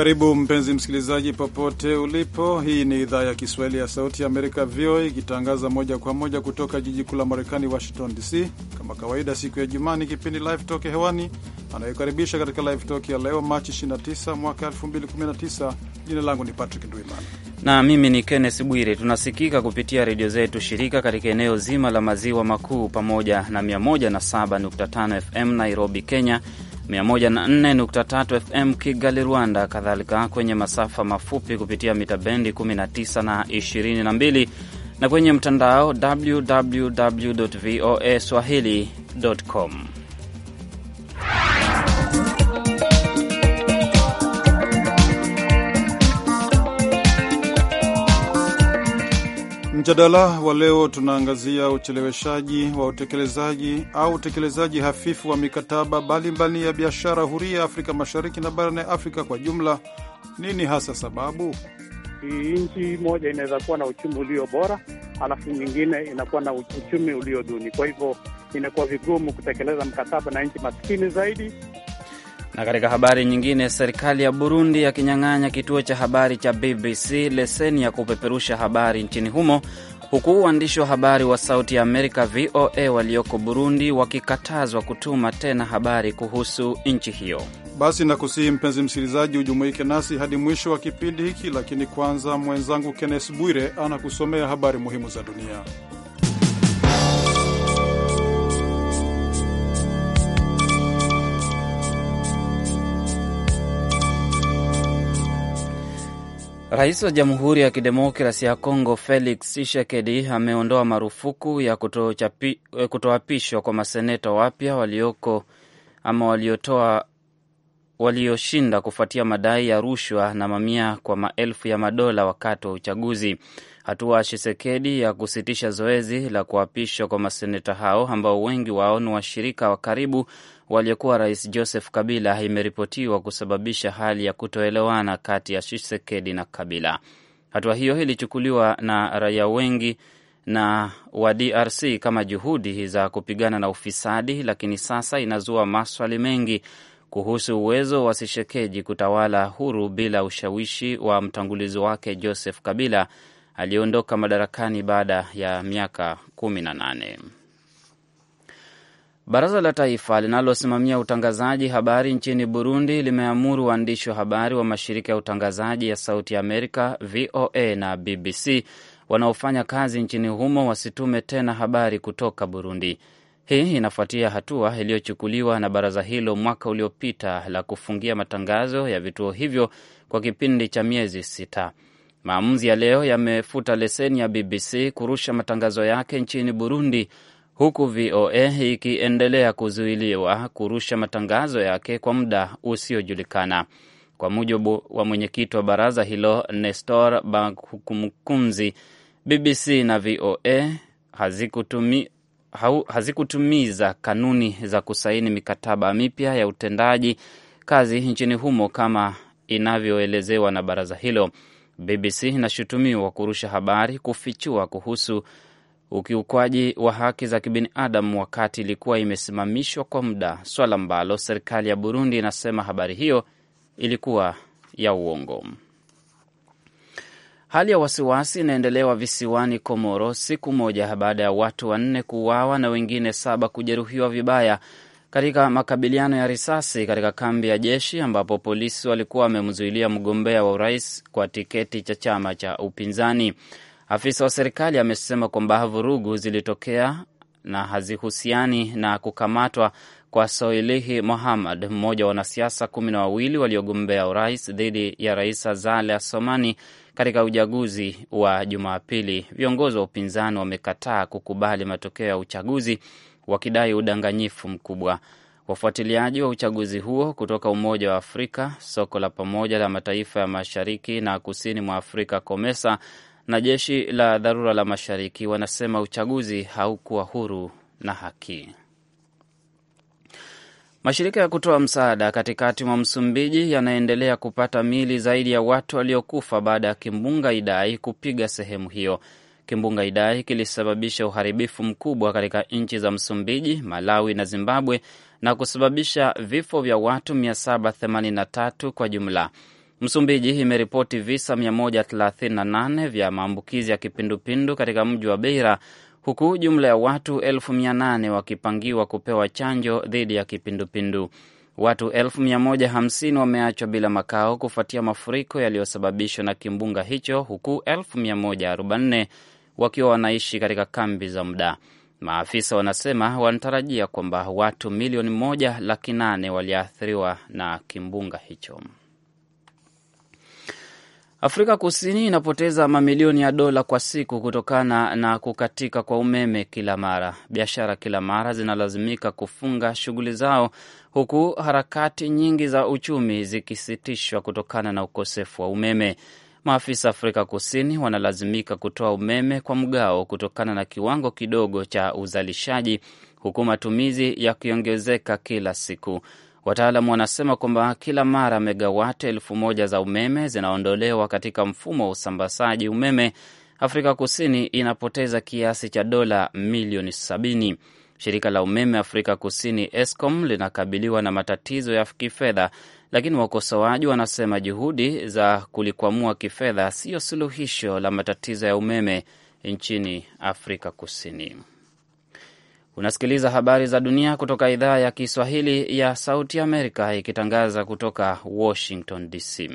Karibu mpenzi msikilizaji, popote ulipo. Hii ni idhaa ya Kiswahili ya Sauti ya Amerika, VOA, ikitangaza moja kwa moja kutoka jiji kuu la Marekani, Washington DC. Kama kawaida, siku ya Jumaa ni kipindi Live Talk hewani. Anayekaribisha katika Live Talk ya leo Machi 29 mwaka 2019, jina langu ni Patrick Duimana na mimi ni kennes Bwire. Tunasikika kupitia redio zetu shirika katika eneo zima la maziwa makuu pamoja na 107.5 FM Nairobi, Kenya, 104.3 FM Kigali, Rwanda, kadhalika kwenye masafa mafupi kupitia mita bendi 19 na 22 na kwenye mtandao www voa swahili.com. Mjadala wa leo tunaangazia ucheleweshaji wa utekelezaji au utekelezaji hafifu wa mikataba mbalimbali ya biashara huria Afrika Mashariki na barani Afrika kwa jumla. Nini hasa sababu? Nchi moja inaweza kuwa na uchumi ulio bora, alafu nyingine inakuwa na uchumi ulio duni, kwa hivyo inakuwa vigumu kutekeleza mkataba na nchi maskini zaidi na katika habari nyingine, serikali ya Burundi yakinyang'anya kituo cha habari cha BBC leseni ya kupeperusha habari nchini humo, huku waandishi wa habari wa Sauti ya Amerika VOA walioko Burundi wakikatazwa kutuma tena habari kuhusu nchi hiyo. Basi nakusihi mpenzi msikilizaji, hujumuike nasi hadi mwisho wa kipindi hiki, lakini kwanza mwenzangu Kennes Bwire anakusomea habari muhimu za dunia. Rais wa Jamhuri ya Kidemokrasi ya Kongo Felix Tshisekedi ameondoa marufuku ya eh, kutoapishwa kwa maseneta wapya walioko ama waliotoa walioshinda kufuatia madai ya rushwa na mamia kwa maelfu ya madola wakati wa uchaguzi. Hatua ya Tshisekedi ya kusitisha zoezi la kuapishwa kwa maseneta hao ambao wengi wao ni washirika wa karibu waliokuwa rais Joseph Kabila imeripotiwa kusababisha hali ya kutoelewana kati ya Tshisekedi na Kabila. Hatua hiyo ilichukuliwa na raia wengi na wa DRC kama juhudi za kupigana na ufisadi, lakini sasa inazua maswali mengi kuhusu uwezo wa Tshisekedi kutawala huru bila ushawishi wa mtangulizi wake Joseph Kabila aliyeondoka madarakani baada ya miaka kumi na nane. Baraza la Taifa linalosimamia utangazaji habari nchini Burundi limeamuru waandishi wa habari wa mashirika ya utangazaji ya Sauti Amerika, VOA na BBC wanaofanya kazi nchini humo wasitume tena habari kutoka Burundi. Hii inafuatia hatua iliyochukuliwa na baraza hilo mwaka uliopita la kufungia matangazo ya vituo hivyo kwa kipindi cha miezi sita. Maamuzi ya leo yamefuta leseni ya BBC kurusha matangazo yake nchini Burundi huku VOA ikiendelea kuzuiliwa kurusha matangazo yake kwa muda usiojulikana. Kwa mujibu wa mwenyekiti wa baraza hilo Nestor Bakumkunzi, BBC na VOA hazikutumi, hazikutumiza kanuni za kusaini mikataba mipya ya utendaji kazi nchini humo kama inavyoelezewa na baraza hilo. BBC inashutumiwa kurusha habari kufichua kuhusu ukiukwaji wa haki za kibinadamu wakati ilikuwa imesimamishwa kwa muda, swala ambalo serikali ya Burundi inasema habari hiyo ilikuwa ya uongo. Hali ya wasiwasi inaendelewa visiwani Komoro siku moja baada ya watu wanne kuuawa na wengine saba kujeruhiwa vibaya katika makabiliano ya risasi katika kambi ya jeshi ambapo polisi walikuwa wamemzuilia mgombea wa urais kwa tiketi cha chama cha upinzani. Afisa wa serikali amesema kwamba vurugu zilitokea na hazihusiani na kukamatwa kwa Soilihi Mohammad, mmoja wa wanasiasa kumi na wawili waliogombea urais dhidi ya rais Azali Assoumani katika uchaguzi wa Jumapili. Viongozi wa upinzani wamekataa kukubali matokeo ya uchaguzi wakidai udanganyifu mkubwa. Wafuatiliaji wa uchaguzi huo kutoka Umoja wa Afrika, soko la pamoja la mataifa ya mashariki na kusini mwa Afrika, COMESA, na jeshi la dharura la mashariki wanasema uchaguzi haukuwa huru na haki. Mashirika ya kutoa msaada katikati mwa Msumbiji yanaendelea kupata mili zaidi ya watu waliokufa baada ya kimbunga Idai kupiga sehemu hiyo. Kimbunga Idai kilisababisha uharibifu mkubwa katika nchi za Msumbiji, Malawi na Zimbabwe na kusababisha vifo vya watu 783 kwa jumla. Msumbiji imeripoti visa 138 vya maambukizi ya kipindupindu katika mji wa Beira, huku jumla ya watu 8 wakipangiwa kupewa chanjo dhidi ya kipindupindu. Watu 150 wameachwa bila makao kufuatia mafuriko yaliyosababishwa na kimbunga hicho, huku 144 wakiwa wanaishi katika kambi za muda. Maafisa wanasema wanatarajia kwamba watu milioni moja laki nane waliathiriwa na kimbunga hicho. Afrika Kusini inapoteza mamilioni ya dola kwa siku kutokana na kukatika kwa umeme kila mara. Biashara kila mara zinalazimika kufunga shughuli zao, huku harakati nyingi za uchumi zikisitishwa kutokana na ukosefu wa umeme. Maafisa Afrika Kusini wanalazimika kutoa umeme kwa mgao kutokana na kiwango kidogo cha uzalishaji, huku matumizi yakiongezeka kila siku wataalam wanasema kwamba kila mara megawati elfu moja za umeme zinaondolewa katika mfumo wa usambazaji umeme, Afrika Kusini inapoteza kiasi cha dola milioni sabini. Shirika la umeme Afrika Kusini Eskom linakabiliwa na matatizo ya kifedha, lakini wakosoaji wanasema juhudi za kulikwamua kifedha siyo suluhisho la matatizo ya umeme nchini Afrika Kusini. Unasikiliza habari za dunia kutoka idhaa ya Kiswahili ya Sauti Amerika ikitangaza kutoka Washington DC.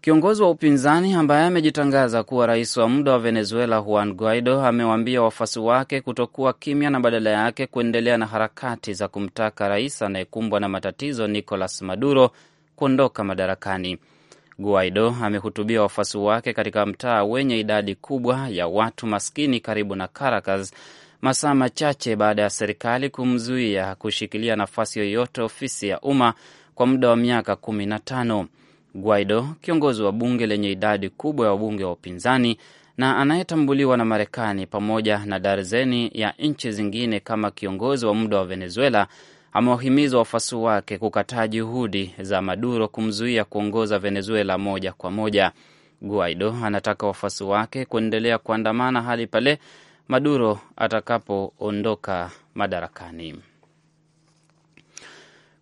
Kiongozi wa upinzani ambaye amejitangaza kuwa rais wa muda wa Venezuela Juan Guaido amewaambia wafuasi wake kutokuwa kimya na badala yake kuendelea na harakati za kumtaka rais anayekumbwa na matatizo Nicolas Maduro kuondoka madarakani. Guaido amehutubia wafuasi wake katika mtaa wenye idadi kubwa ya watu maskini karibu na Caracas masaa machache baada ya serikali kumzuia kushikilia nafasi yoyote ofisi ya umma kwa muda wa miaka kumi na tano. Guaido, kiongozi wa bunge lenye idadi kubwa ya wabunge wa upinzani na anayetambuliwa na Marekani pamoja na darzeni ya nchi zingine kama kiongozi wa muda wa Venezuela, amewahimiza wafuasi wake kukataa juhudi za Maduro kumzuia kuongoza Venezuela moja kwa moja. Guaido anataka wafuasi wake kuendelea kuandamana hadi pale Maduro atakapoondoka madarakani.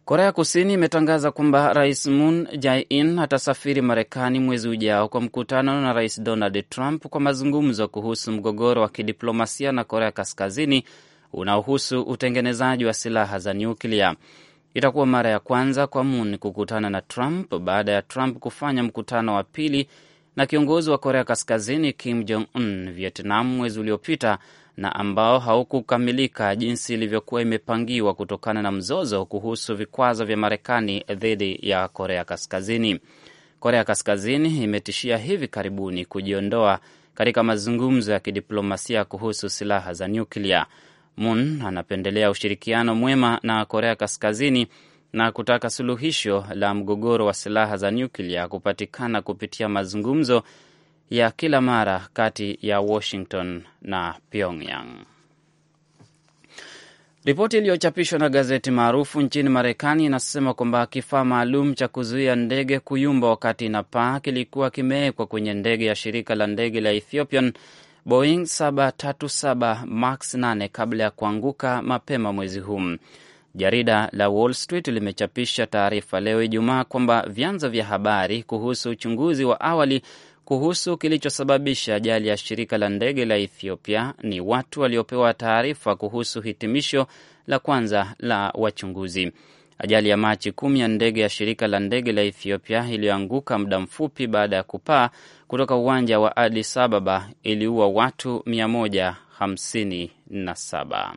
Korea Kusini imetangaza kwamba Rais Moon Jae-in atasafiri Marekani mwezi ujao kwa mkutano na Rais Donald Trump kwa mazungumzo kuhusu mgogoro wa kidiplomasia na Korea Kaskazini unaohusu utengenezaji wa silaha za nyuklia. Itakuwa mara ya kwanza kwa Moon kukutana na Trump baada ya Trump kufanya mkutano wa pili na kiongozi wa Korea Kaskazini Kim Jong Un Vietnam mwezi uliopita na ambao haukukamilika jinsi ilivyokuwa imepangiwa kutokana na mzozo kuhusu vikwazo vya Marekani dhidi ya Korea Kaskazini. Korea Kaskazini imetishia hivi karibuni kujiondoa katika mazungumzo ya kidiplomasia kuhusu silaha za nyuklia. Moon anapendelea ushirikiano mwema na Korea Kaskazini na kutaka suluhisho la mgogoro wa silaha za nyuklia kupatikana kupitia mazungumzo ya kila mara kati ya Washington na Pyongyang. Ripoti iliyochapishwa na gazeti maarufu nchini Marekani inasema kwamba kifaa maalum cha kuzuia ndege kuyumba wakati inapaa kilikuwa kimewekwa kwenye ndege ya shirika la ndege la Ethiopian Boeing 737 Max 8 kabla ya kuanguka mapema mwezi huu. Jarida la Wall Street limechapisha taarifa leo Ijumaa kwamba vyanzo vya habari kuhusu uchunguzi wa awali kuhusu kilichosababisha ajali ya shirika la ndege la Ethiopia ni watu waliopewa taarifa kuhusu hitimisho la kwanza la wachunguzi. Ajali ya Machi kumi ya ndege ya shirika la ndege la Ethiopia iliyoanguka muda mfupi baada ya kupaa kutoka uwanja wa Addis Ababa iliua watu 157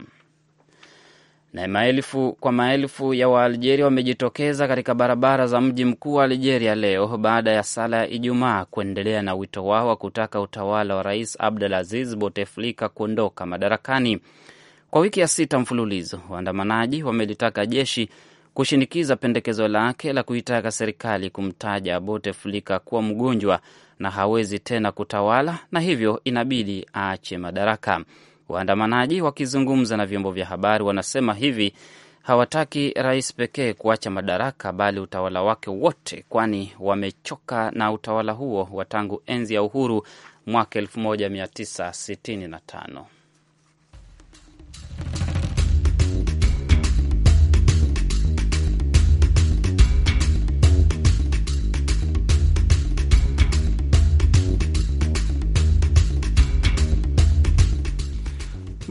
na maelfu kwa maelfu ya Waalgeria wamejitokeza katika barabara za mji mkuu wa Algeria leo baada ya sala ya Ijumaa kuendelea na wito wao wa kutaka utawala wa Rais Abdelaziz Bouteflika kuondoka madarakani. Kwa wiki ya sita mfululizo, waandamanaji wamelitaka jeshi kushinikiza pendekezo lake la kuitaka serikali kumtaja Bouteflika kuwa mgonjwa na hawezi tena kutawala na hivyo inabidi aache madaraka. Waandamanaji wakizungumza na vyombo vya habari wanasema hivi hawataki rais pekee kuacha madaraka bali utawala wake wote, kwani wamechoka na utawala huo wa tangu enzi ya uhuru mwaka 1965.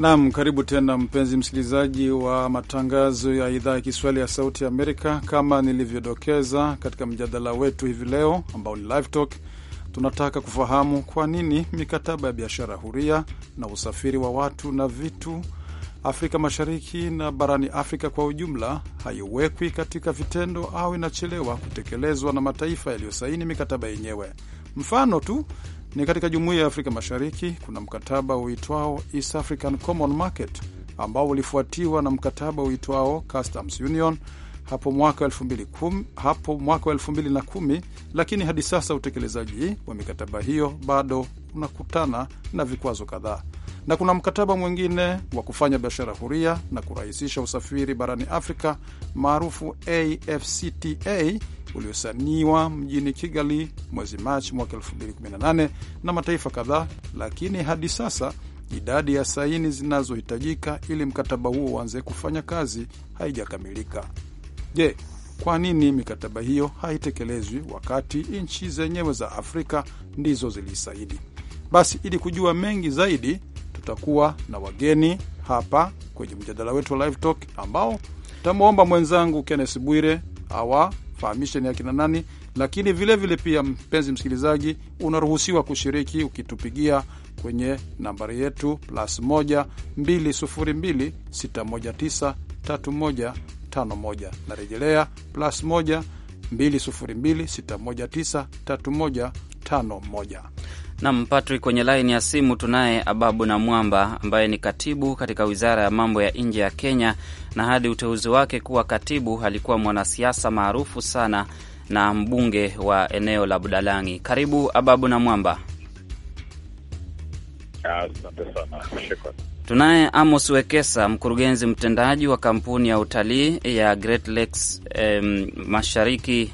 Nam, karibu tena mpenzi msikilizaji wa matangazo ya idhaa ya Kiswahili ya Sauti ya Amerika. Kama nilivyodokeza katika mjadala wetu hivi leo ambao ni Live Talk, tunataka kufahamu kwa nini mikataba ya biashara huria na usafiri wa watu na vitu Afrika Mashariki na barani Afrika kwa ujumla haiwekwi katika vitendo au inachelewa kutekelezwa na mataifa yaliyosaini mikataba yenyewe. Mfano tu ni katika jumuiya ya Afrika Mashariki kuna mkataba uitwao East African Common Market ambao ulifuatiwa na mkataba uitwao Customs Union hapo mwaka wa elfu mbili na kumi, lakini hadi sasa utekelezaji wa mikataba hiyo bado unakutana na vikwazo kadhaa. Na kuna mkataba mwingine wa kufanya biashara huria na kurahisisha usafiri barani Afrika maarufu AfCFTA uliosaniwa mjini Kigali mwezi Machi mwaka 2018 na mataifa kadhaa, lakini hadi sasa idadi ya saini zinazohitajika ili mkataba huo uanze kufanya kazi haijakamilika. Je, kwa nini mikataba hiyo haitekelezwi wakati nchi zenyewe za Afrika ndizo zilisaidi? Basi ili kujua mengi zaidi, tutakuwa na wageni hapa kwenye mjadala wetu wa Live Talk ambao tamwomba mwenzangu kennes Bwire awafahamishe ni akina nani, lakini vilevile vile pia, mpenzi msikilizaji, unaruhusiwa kushiriki ukitupigia kwenye nambari yetu plus 1 202 619 31 51 plus 1 202 Nam Patrick, kwenye laini ya simu tunaye Ababu na Mwamba ambaye ni katibu katika wizara ya mambo ya nje ya Kenya, na hadi uteuzi wake kuwa katibu alikuwa mwanasiasa maarufu sana na mbunge wa eneo la Budalangi. Karibu Ababu na Mwamba. Asante sana. Tunaye Amos Wekesa, mkurugenzi mtendaji wa kampuni ya utalii ya Great Lakes, eh, mashariki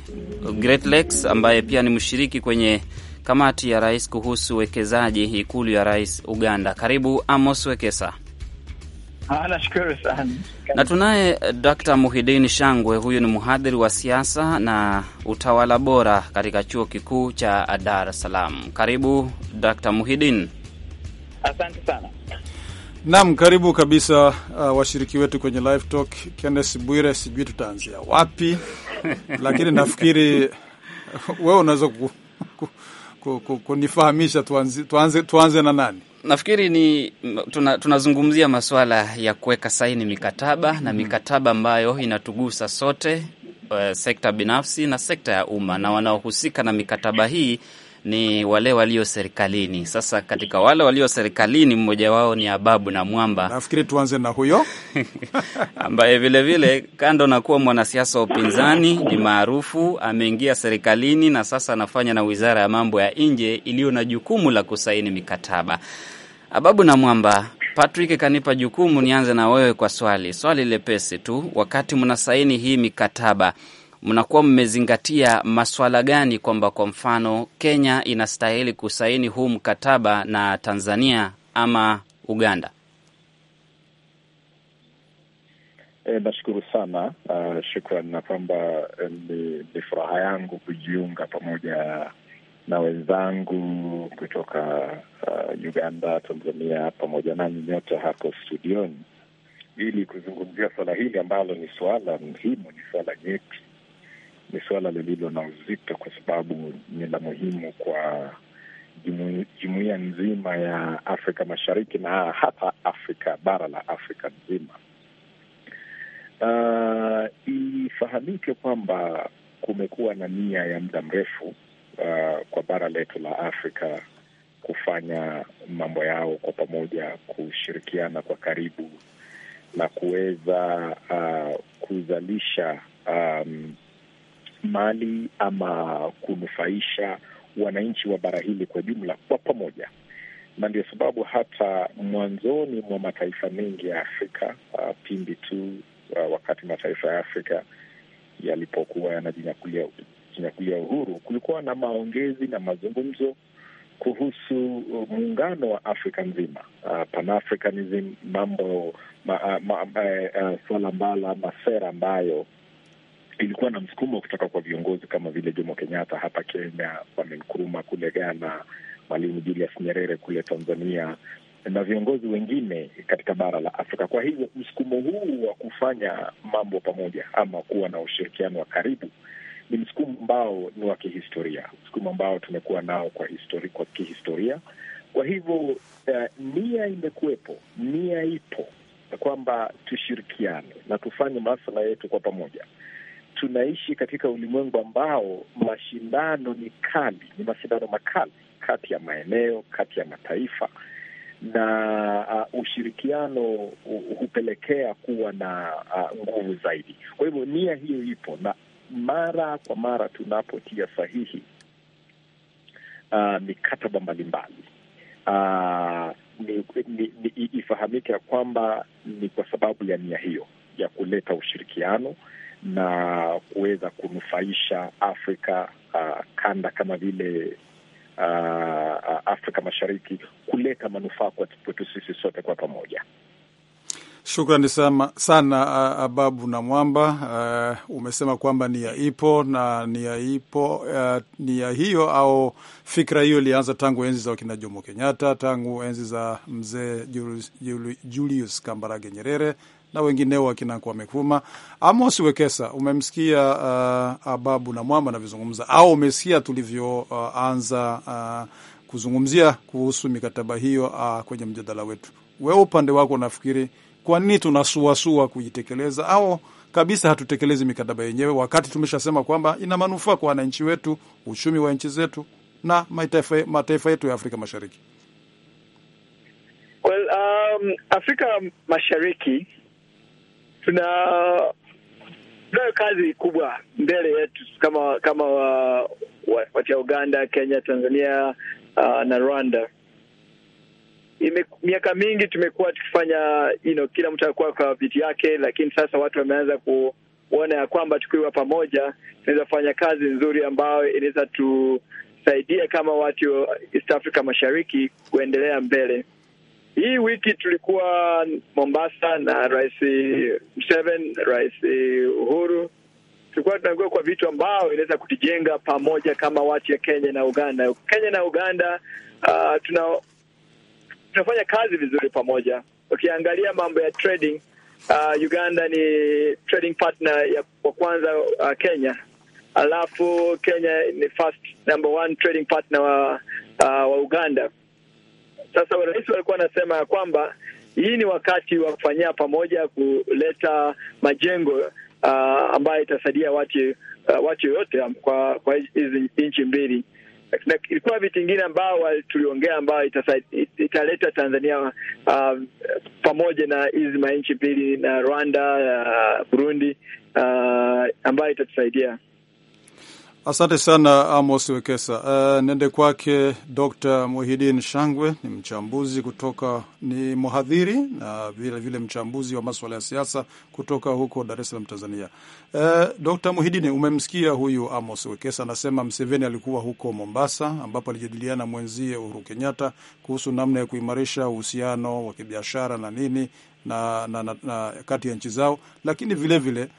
Great Lakes, ambaye pia ni mshiriki kwenye kamati ya rais kuhusu uwekezaji ikulu ya rais Uganda. Karibu Amos Wekesa. Ah, nashukuru sana. Na tunaye eh, Dr. muhidin Shangwe, huyu ni mhadhiri wa siasa na utawala bora katika chuo kikuu cha Dar es Salaam. Karibu Dr. Muhidin. Asante sana. Naam, karibu kabisa uh, washiriki wetu kwenye live talk. Kenneth Bwire, sijui tutaanzia wapi, lakini nafikiri uh, wewe unaweza ku, ku, ku, ku, kunifahamisha tuanze, tuanze, tuanze na nani? Nafikiri ni tunazungumzia tuna masuala ya kuweka saini mikataba na mm-hmm. mikataba ambayo inatugusa sote, uh, sekta binafsi na sekta ya umma na wanaohusika na mikataba hii ni wale walio serikalini. Sasa katika wale walio serikalini, mmoja wao ni Ababu na Mwamba. Nafikiri tuanze na huyo ambaye vile vile kando na kuwa mwanasiasa wa upinzani ni maarufu, ameingia serikalini na sasa anafanya na Wizara ya Mambo ya Nje iliyo na jukumu la kusaini mikataba. Ababu na Mwamba, Patrick kanipa jukumu nianze na wewe kwa swali swali lepesi tu, wakati mnasaini hii mikataba mnakuwa mmezingatia maswala gani, kwamba kwa mfano Kenya inastahili kusaini huu mkataba na Tanzania ama Uganda? E, nashukuru sana uh, shukran na kwamba eh, ni, ni furaha yangu kujiunga pamoja na wenzangu kutoka uh, Uganda, Tanzania pamoja nanyi nyote hapo studioni ili kuzungumzia suala hili ambalo ni suala muhimu, ni suala nyeti ni suala lililo na uzito kwa sababu ni la muhimu kwa jumuia jumuiya nzima ya Afrika Mashariki na hata Afrika, bara la Afrika nzima. Uh, ifahamike kwamba kumekuwa na nia ya muda mrefu uh, kwa bara letu la Afrika kufanya mambo yao kwa pamoja, kushirikiana kwa karibu na kuweza uh, kuzalisha um, rasilimali ama kunufaisha wananchi wa bara hili kwa jumla kwa pamoja, na ndio sababu hata mwanzoni mwa mataifa mengi ya Afrika uh, pindi tu uh, wakati mataifa ya Afrika yalipokuwa yanajinyakulia uhuru, kulikuwa na maongezi na mazungumzo kuhusu uh, muungano wa Afrika nzima, uh, pan mambo ma, uh, ma, ma, uh, uh, swala mbala masera ambayo ilikuwa na msukumo kutoka kwa viongozi kama vile Jomo Kenyatta hapa Kenya, Kwame Nkrumah kule Ghana, Mwalimu Julius Nyerere kule Tanzania na viongozi wengine katika bara la Afrika. Kwa hivyo msukumo huu wa kufanya mambo pamoja ama kuwa na ushirikiano wa karibu ni msukumo ambao ni wa kihistoria, msukumo ambao tumekuwa nao kwa histori, kwa kihistoria. Kwa hivyo uh, nia imekuwepo, nia ipo kwamba tushirikiane na tufanye masuala yetu kwa pamoja tunaishi katika ulimwengu ambao mashindano ni kali, ni mashindano makali kati ya maeneo, kati ya mataifa na uh, ushirikiano hupelekea kuwa na uh, nguvu zaidi. Kwa hivyo nia hiyo ipo, na mara kwa mara tunapotia sahihi uh, mikataba mbalimbali uh, ni, ni, ni, ifahamike ya kwamba ni kwa sababu ya nia hiyo ya kuleta ushirikiano na kuweza kunufaisha Afrika uh, kanda kama vile uh, Afrika Mashariki kuleta manufaa kwetu sisi sote kwa pamoja. Shukrani sana, sana uh, Ababu na Mwamba. Uh, umesema kwamba nia ipo na nia ipo. Uh, nia hiyo au fikra hiyo ilianza tangu enzi za wakina Jomo Kenyatta, tangu enzi za mzee Julius, Julius Kambarage Nyerere na wengineo wakina Kwame Nkrumah. Amos Wekesa, umemsikia uh, Ababu na Mwamba anavyozungumza, au umesikia tulivyoanza uh, uh, kuzungumzia kuhusu mikataba hiyo uh, kwenye mjadala wetu. Wewe upande wako unafikiri kwa nini tunasuasua kujitekeleza au kabisa hatutekelezi mikataba yenyewe, wakati tumeshasema kwamba ina manufaa kwa wananchi wetu, uchumi wa nchi zetu na mataifa, mataifa yetu ya Afrika Mashariki? Well, um, Afrika Mashariki tuna tunayo kazi kubwa mbele yetu kama kama wa, ya Uganda, Kenya, Tanzania uh, na Rwanda. Ime, miaka mingi tumekuwa tukifanya you know, kila mtu alikuwa kwa viti yake, lakini sasa watu wameanza kuona ya kwamba tukiwa pamoja tunaweza kufanya kazi nzuri ambayo inaweza tusaidia kama watu East Africa Mashariki kuendelea mbele. Hii wiki tulikuwa Mombasa na Rais Mseven, Rais Uhuru. Tulikuwa tunaongea kwa vitu ambao inaweza kutijenga pamoja kama watu ya Kenya na Uganda. Kenya na Uganda uh, tuna, tunafanya kazi vizuri pamoja. Ukiangalia mambo ya trading uh, Uganda ni trading partner ya wa kwanza uh, Kenya, alafu Kenya ni first number one trading partner wa, uh, wa Uganda sasa rais walikuwa wanasema ya kwamba hii ni wakati wa kufanyia pamoja, kuleta majengo uh, ambayo itasaidia watu uh, watu yoyote kwa kwa hizi nchi mbili na ilikuwa vitu vingine ambao tuliongea ambayo italeta Tanzania uh, pamoja na hizi manchi mbili na Rwanda uh, Burundi uh, ambayo itatusaidia Asante sana Amos Wekesa. Uh, eh, nende kwake Dr. Muhidin Shangwe, ni mchambuzi kutoka, ni mhadhiri na vilevile vile mchambuzi wa maswala ya siasa kutoka huko Dar es Salaam, Tanzania. Uh, eh, Dr. Muhidin, umemsikia huyu Amos Wekesa anasema Mseveni alikuwa huko Mombasa ambapo alijadiliana mwenzie Uhuru Kenyatta kuhusu namna ya kuimarisha uhusiano wa kibiashara na nini na, na, na, na kati ya nchi zao, lakini vilevile vile,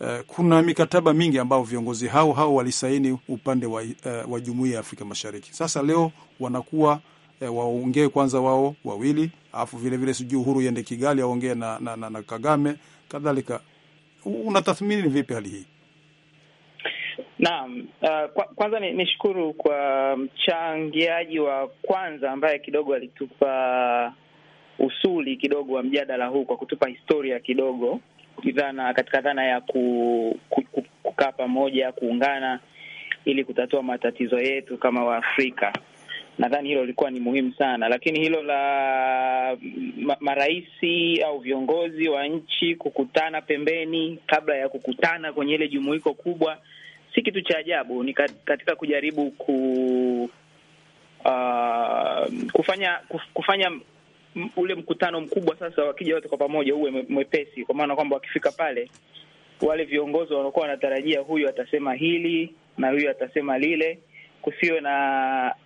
Eh, kuna mikataba mingi ambayo viongozi hao hao walisaini upande wa, uh, wa Jumuiya ya Afrika Mashariki. Sasa leo wanakuwa uh, waongee kwanza wao wawili, alafu vilevile sijui Uhuru iende Kigali aongee na, na, na, na Kagame kadhalika. Unatathmini vipi hali hii? Naam, uh, kwa, kwanza nishukuru ni kwa mchangiaji wa kwanza ambaye kidogo alitupa usuli kidogo wa mjadala huu kwa kutupa historia kidogo kidhana, katika dhana ya ku, ku, ku, kukaa pamoja, kuungana ili kutatua matatizo yetu kama Waafrika. Nadhani hilo lilikuwa ni muhimu sana, lakini hilo la maraisi au viongozi wa nchi kukutana pembeni kabla ya kukutana kwenye ile jumuiko kubwa si kitu cha ajabu. Ni katika kujaribu ku uh, kufanya kufanya ule mkutano mkubwa sasa wakija wote kwa pamoja uwe mwepesi, kwa maana kwamba wakifika pale wale viongozi wanakuwa wanatarajia huyu atasema hili na huyu atasema lile, kusiwe na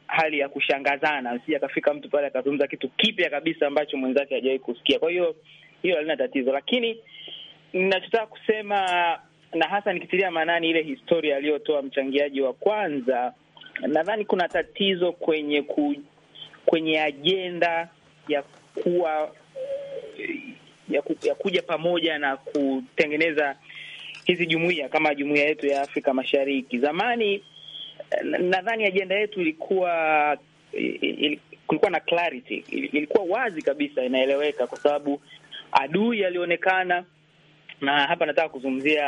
hali ya kushangazana, si akafika mtu pale akazungumza kitu kipya kabisa ambacho mwenzake hajawahi kusikia. Kwa hiyo hiyo halina tatizo, lakini ninachotaka kusema na hasa nikitilia maanani ile historia aliyotoa mchangiaji wa kwanza, nadhani kuna tatizo kwenye ku, kwenye ajenda ya kuwa eh, ya, ku, ya kuja pamoja na kutengeneza hizi jumuiya kama jumuiya yetu ya Afrika Mashariki. Zamani eh, nadhani ajenda yetu ilikuwa eh, kulikuwa na clarity, ilikuwa wazi kabisa, inaeleweka, kwa sababu adui alionekana, na hapa nataka kuzungumzia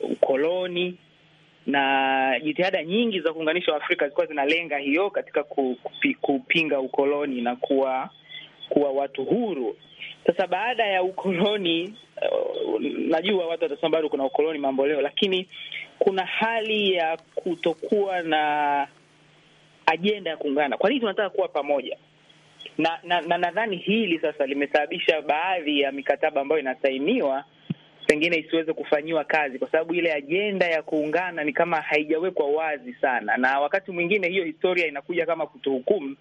ukoloni na jitihada nyingi za kuunganisha Waafrika zilikuwa zinalenga hiyo katika kupinga ukoloni na kuwa kuwa watu huru. Sasa baada ya ukoloni, uh, najua watu watasema bado kuna ukoloni mambo leo, lakini kuna hali ya kutokuwa na ajenda ya kuungana. Kwa nini tunataka kuwa pamoja? Na nadhani na, na hili sasa limesababisha baadhi ya mikataba ambayo inasainiwa pengine isiweze kufanyiwa kazi, kwa sababu ile ajenda ya kuungana ni kama haijawekwa wazi sana, na wakati mwingine hiyo historia inakuja kama kutuhukumu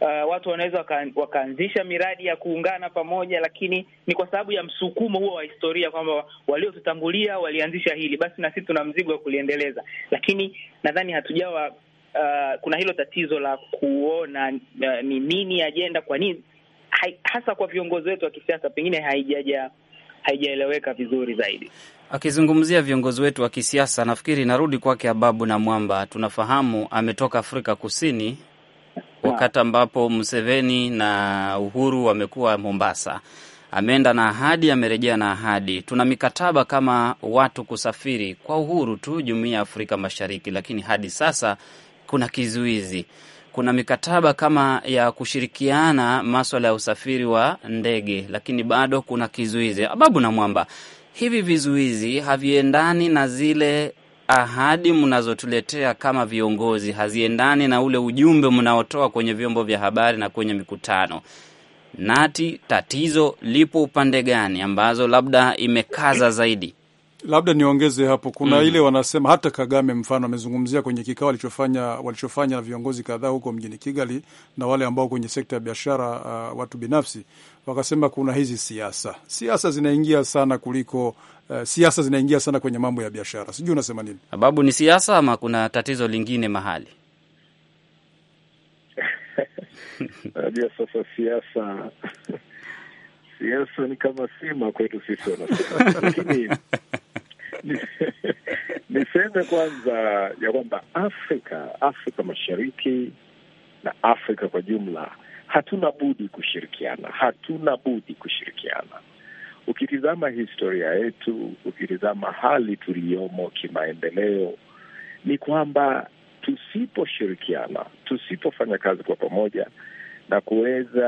uh, watu wanaweza wakaanzisha miradi ya kuungana pamoja, lakini ni kwa sababu ya msukumo huo wa historia kwamba waliotutangulia walianzisha hili, basi na sisi tuna mzigo wa kuliendeleza. Lakini nadhani hatujawa uh, kuna hilo tatizo la kuona uh, ni nini ajenda, kwa nini hasa kwa viongozi wetu wa kisiasa pengine haijaja haijaeleweka vizuri zaidi. Akizungumzia viongozi wetu wa kisiasa, nafikiri narudi kwake Ababu na Mwamba. Tunafahamu ametoka Afrika Kusini wakati ambapo Museveni na Uhuru wamekuwa Mombasa. Ameenda na ahadi, amerejea na ahadi. Tuna mikataba kama watu kusafiri kwa uhuru tu jumuiya ya Afrika Mashariki, lakini hadi sasa kuna kizuizi. Kuna mikataba kama ya kushirikiana maswala ya usafiri wa ndege, lakini bado kuna kizuizi. Ababu na mwamba, hivi vizuizi haviendani na zile ahadi mnazotuletea kama viongozi haziendani na ule ujumbe mnaotoa kwenye vyombo vya habari na kwenye mikutano nati, tatizo lipo upande gani ambazo labda imekaza zaidi? Labda niongeze hapo, kuna mm. ile wanasema hata Kagame mfano amezungumzia kwenye kikao walichofanya walichofanya viongozi kadhaa huko mjini Kigali na wale ambao kwenye sekta ya biashara uh, watu binafsi wakasema kuna hizi siasa siasa zinaingia sana kuliko uh, siasa zinaingia sana kwenye mambo ya biashara. Sijui unasema nini sababu, ni siasa ama kuna tatizo lingine mahali? Najua sasa siasa siasa ni kama sima kwetu sisi, lakini niseme kwanza ya kwamba Afrika, Afrika Mashariki na Afrika kwa jumla hatuna budi kushirikiana, hatuna budi kushirikiana. Ukitizama historia yetu, ukitizama hali tuliyomo kimaendeleo, ni kwamba tusiposhirikiana, tusipofanya kazi kwa pamoja na kuweza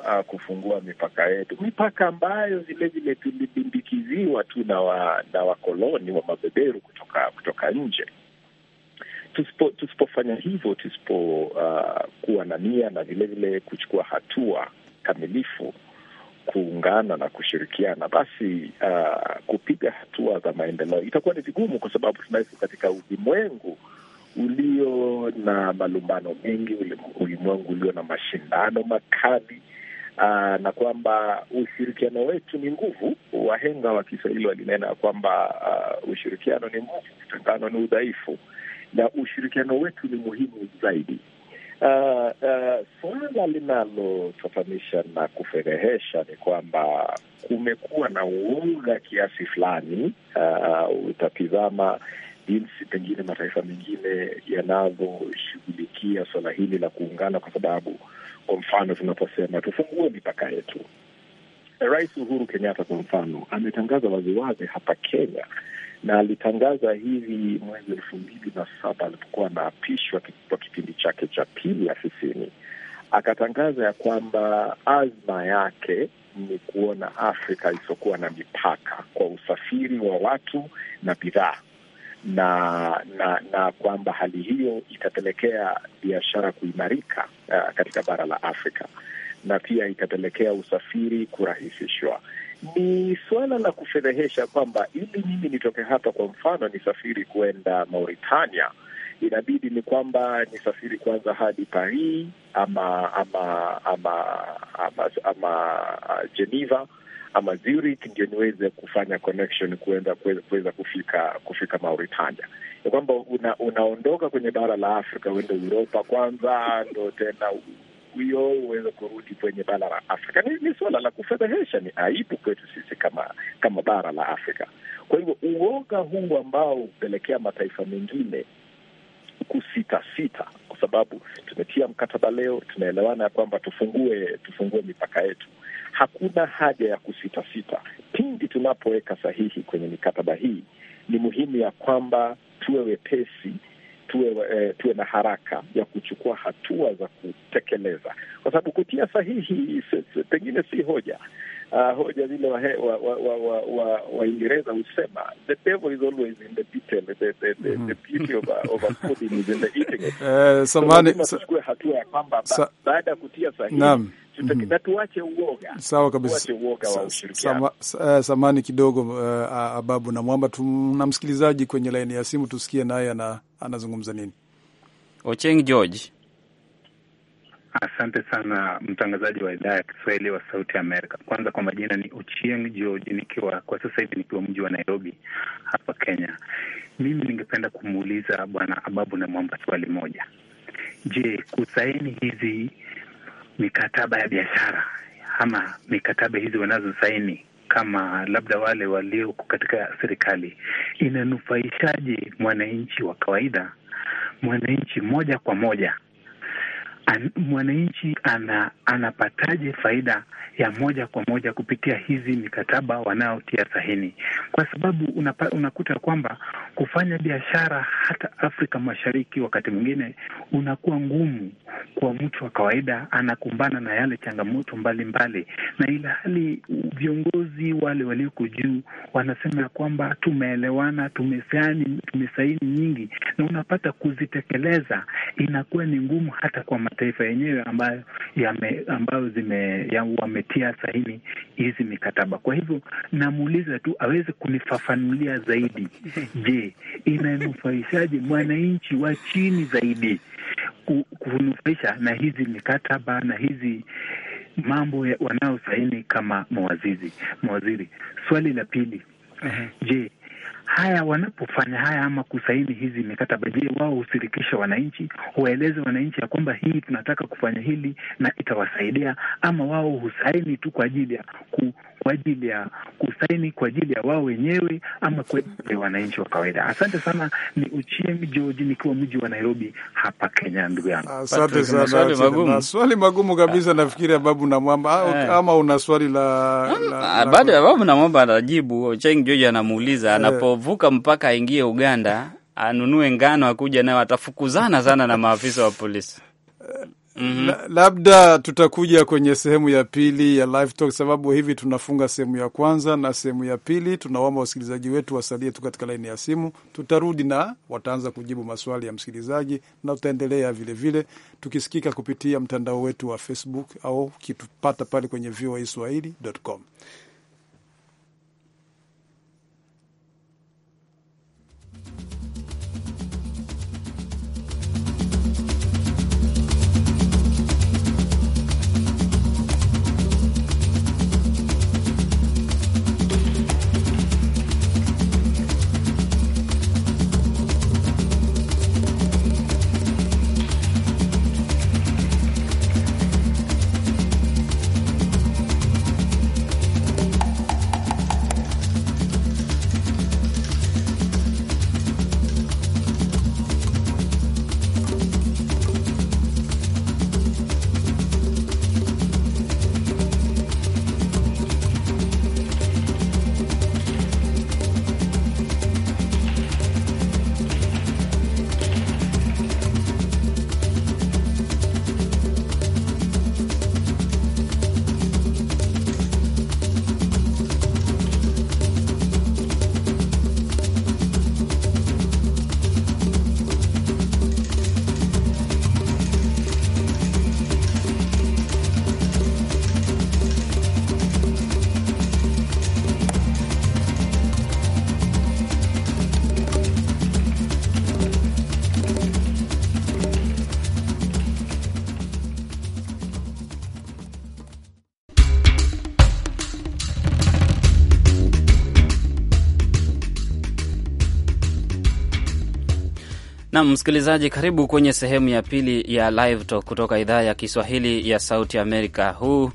uh, kufungua mipaka yetu, mipaka ambayo vilevile tulibindikiziwa tu na wa, na wakoloni wa mabeberu kutoka kutoka nje. Tusipo, tusipofanya hivyo, tusipokuwa ah, uh, na nia na vilevile kuchukua hatua kamilifu kuungana na kushirikiana, basi uh, kupiga hatua za maendeleo itakuwa ni vigumu, kwa sababu tunaishi katika ulimwengu ulio na malumbano mengi, ulimwengu ulio na mashindano makali aa, ah, na kwamba ushirikiano wetu ni nguvu. Wahenga wa Kiswahili walinena ya kwamba uh, ushirikiano ni nguvu, utengano ni udhaifu, na ushirikiano wetu ni muhimu zaidi. Uh, ah, uh, suala linalotatanisha na kuferehesha ni kwamba kumekuwa na uoga kiasi fulani. Uh, utatizama jinsi pengine mataifa mengine yanavyoshughulikia suala hili la kuungana, kwa sababu kwa mfano tunaposema tufungue mipaka yetu, Rais Uhuru Kenyatta kwa mfano ametangaza waziwazi hapa Kenya na alitangaza hivi mwezi elfu mbili na saba alipokuwa anaapishwa kwa kipindi chake cha pili afisini, akatangaza ya kwamba azma yake ni kuona Afrika isiyokuwa na mipaka kwa usafiri wa watu na bidhaa na na na kwamba hali hiyo itapelekea biashara kuimarika uh, katika bara la Afrika na pia itapelekea usafiri kurahisishwa. Ni suala la kufedhehesha kwamba ili mimi nitoke hapa, kwa mfano, nisafiri kwenda Mauritania, inabidi ni kwamba nisafiri kwanza hadi Paris ama ama ama ama, ama, ama uh, Geneva ama Zurich ndio niweze kufanya connection kuenda kuweza kufika kufika Mauritania. ya kwamba una, unaondoka kwenye bara la Afrika uende Uropa kwanza ndo tena huyo uweze kurudi kwenye bara la Afrika. Ni, ni suala la kufedhehesha, ni aibu kwetu sisi kama kama bara la Afrika. Kwa hivyo uoga huu ambao hupelekea mataifa mengine kusita sita, kwa sababu tumetia mkataba leo, tunaelewana ya kwamba tufungue tufungue mipaka yetu hakuna haja ya kusitasita. Pindi tunapoweka sahihi kwenye mikataba hii, ni muhimu ya kwamba tuwe wepesi tuwe, e, tuwe na haraka ya kuchukua hatua za kutekeleza, kwa sababu kutia sahihi se, se, pengine si hoja uh, hoja vile Waingereza wa, wa, wa, wa, wa husema the devil is always in the detail, the, the, the, the mm-hmm. beauty of uh, of a food is in the eating Eh, so tuchukue hatua ya kwamba baada ya kutia sahihi Mhm. Sawa kabisa, eh, Samani kidogo, uh, Ababu na Mwamba, tuna msikilizaji kwenye laini ya simu, tusikie naye anazungumza nini. Ocheng George. Asante sana mtangazaji wa idhaa ya Kiswahili wa Sauti Amerika. Kwanza kwa majina ni Ochieng George, nikiwa kwa sasa hivi nikiwa mji wa Nairobi hapa Kenya. Mimi ningependa kumuuliza Bwana Ababu na Mwamba swali moja. Je, kusaini hizi mikataba ya biashara ama mikataba hizi wanazosaini kama labda wale walioko katika serikali, inanufaishaje mwananchi wa kawaida, mwananchi moja kwa moja an, mwananchi ana, anapataje faida ya moja kwa moja kupitia hizi mikataba wanaotia sahini, kwa sababu unapa, unakuta kwamba kufanya biashara hata Afrika Mashariki wakati mwingine unakuwa ngumu kwa mtu wa kawaida, anakumbana na yale changamoto mbalimbali mbali. Na ila hali viongozi wale walioko juu wanasema ya kwamba tumeelewana, tumesaini tumesaini nyingi, na unapata kuzitekeleza inakuwa ni ngumu hata kwa mataifa yenyewe ambayo yame, ambayo zime ya wametia sahihi hizi mikataba. Kwa hivyo namuuliza tu aweze kunifafanulia zaidi. Je, inanufaishaje mwananchi wa chini zaidi kunufaisha na hizi mikataba na hizi mambo wanayosaini kama mawaziri mawaziri? Swali la pili, uh -huh. Je, haya wanapofanya haya ama kusaini hizi mikataba, je, wao hushirikisha wananchi, waeleze wananchi ya kwamba hii tunataka kufanya hili na itawasaidia, ama wao husaini tu kwa ajili ya ku kwa ajili ya kusaini kwa ajili ya wao wenyewe ama kwa ajili ya wananchi wa kawaida. Asante sana, ni Uchiem George nikiwa mji wa Nairobi hapa Kenya. Ndugu yangu, asante sana. Swali magumu, swali magumu kabisa. Ah. Nafikiri Babu na Mwamba ah, eh. ama una swali la, hmm, la, ah, la baada ya Babu na Mwamba anajibu. Uchiem George anamuuliza eh. anapovuka mpaka aingie Uganda anunue ngano akuja nayo, atafukuzana sana na maafisa wa polisi. Eh, Mm-hmm. Labda tutakuja kwenye sehemu ya pili ya live talk, sababu hivi tunafunga sehemu ya kwanza na sehemu ya pili. tunaomba wasikilizaji wetu wasalie tu katika laini ya simu, tutarudi na wataanza kujibu maswali ya msikilizaji na tutaendelea vilevile tukisikika kupitia mtandao wetu wa Facebook au kitupata pale kwenye voaswahili.com. Nam msikilizaji, karibu kwenye sehemu ya pili ya Live Talk kutoka idhaa ya Kiswahili ya Sauti Amerika. Huu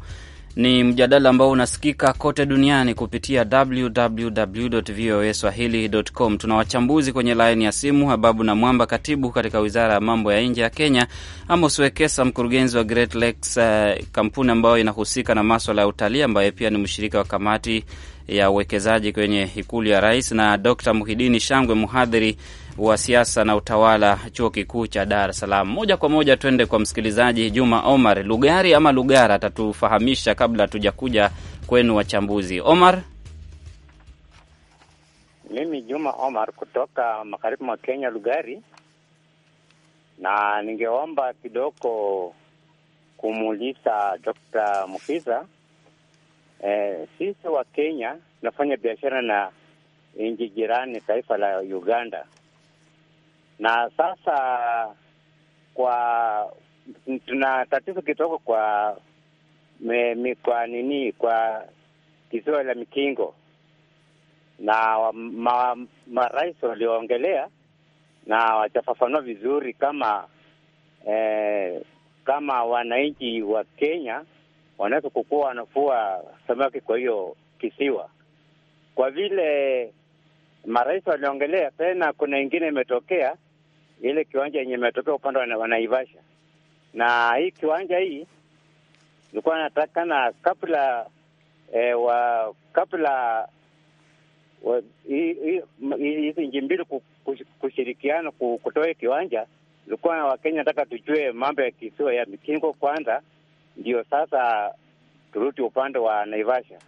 ni mjadala ambao unasikika kote duniani kupitia www voa swahili.com. Tuna wachambuzi kwenye laini ya simu, Hababu na Mwamba, katibu katika wizara ya mambo ya nje ya Kenya, Amos Wekesa, mkurugenzi wa Great Lakes, uh, kampuni ambayo inahusika na maswala ya utalii, ambaye pia ni mshirika wa kamati ya uwekezaji kwenye ikulu ya rais, na Dr Muhidini Shangwe, mhadhiri wa siasa na utawala, chuo kikuu cha Dar es Salaam. Moja kwa moja tuende kwa msikilizaji Juma Omar Lugari ama Lugara, atatufahamisha kabla hatujakuja kwenu wachambuzi. Omar. Mimi Juma Omar kutoka magharibi mwa Kenya, Lugari, na ningeomba kidogo kumuuliza Dr. Mukiza. Eh, sisi wa Kenya tunafanya biashara na nchi jirani, taifa la Uganda na sasa kwa tuna tatizo kitoko kwa me, me, kwa nini kwa kisiwa la Mikingo na ma, marais walioongelea na wachafafanua vizuri kama eh, kama wananchi wa Kenya wanaweza kukuwa wanafua samaki kwa hiyo kisiwa, kwa vile marais waliongelea. Tena kuna ingine imetokea ile kiwanja yenye imetokea upande wa Naivasha, na hii kiwanja hii nilikuwa nataka na kabla e, wa kabla hizi nchi mbili kushirikiana kutoa kiwanja, nilikuwa na Wakenya nataka tujue mambo ya kisiwa ya Mikingo kwanza, ndio sasa turudi upande wa Naivasha.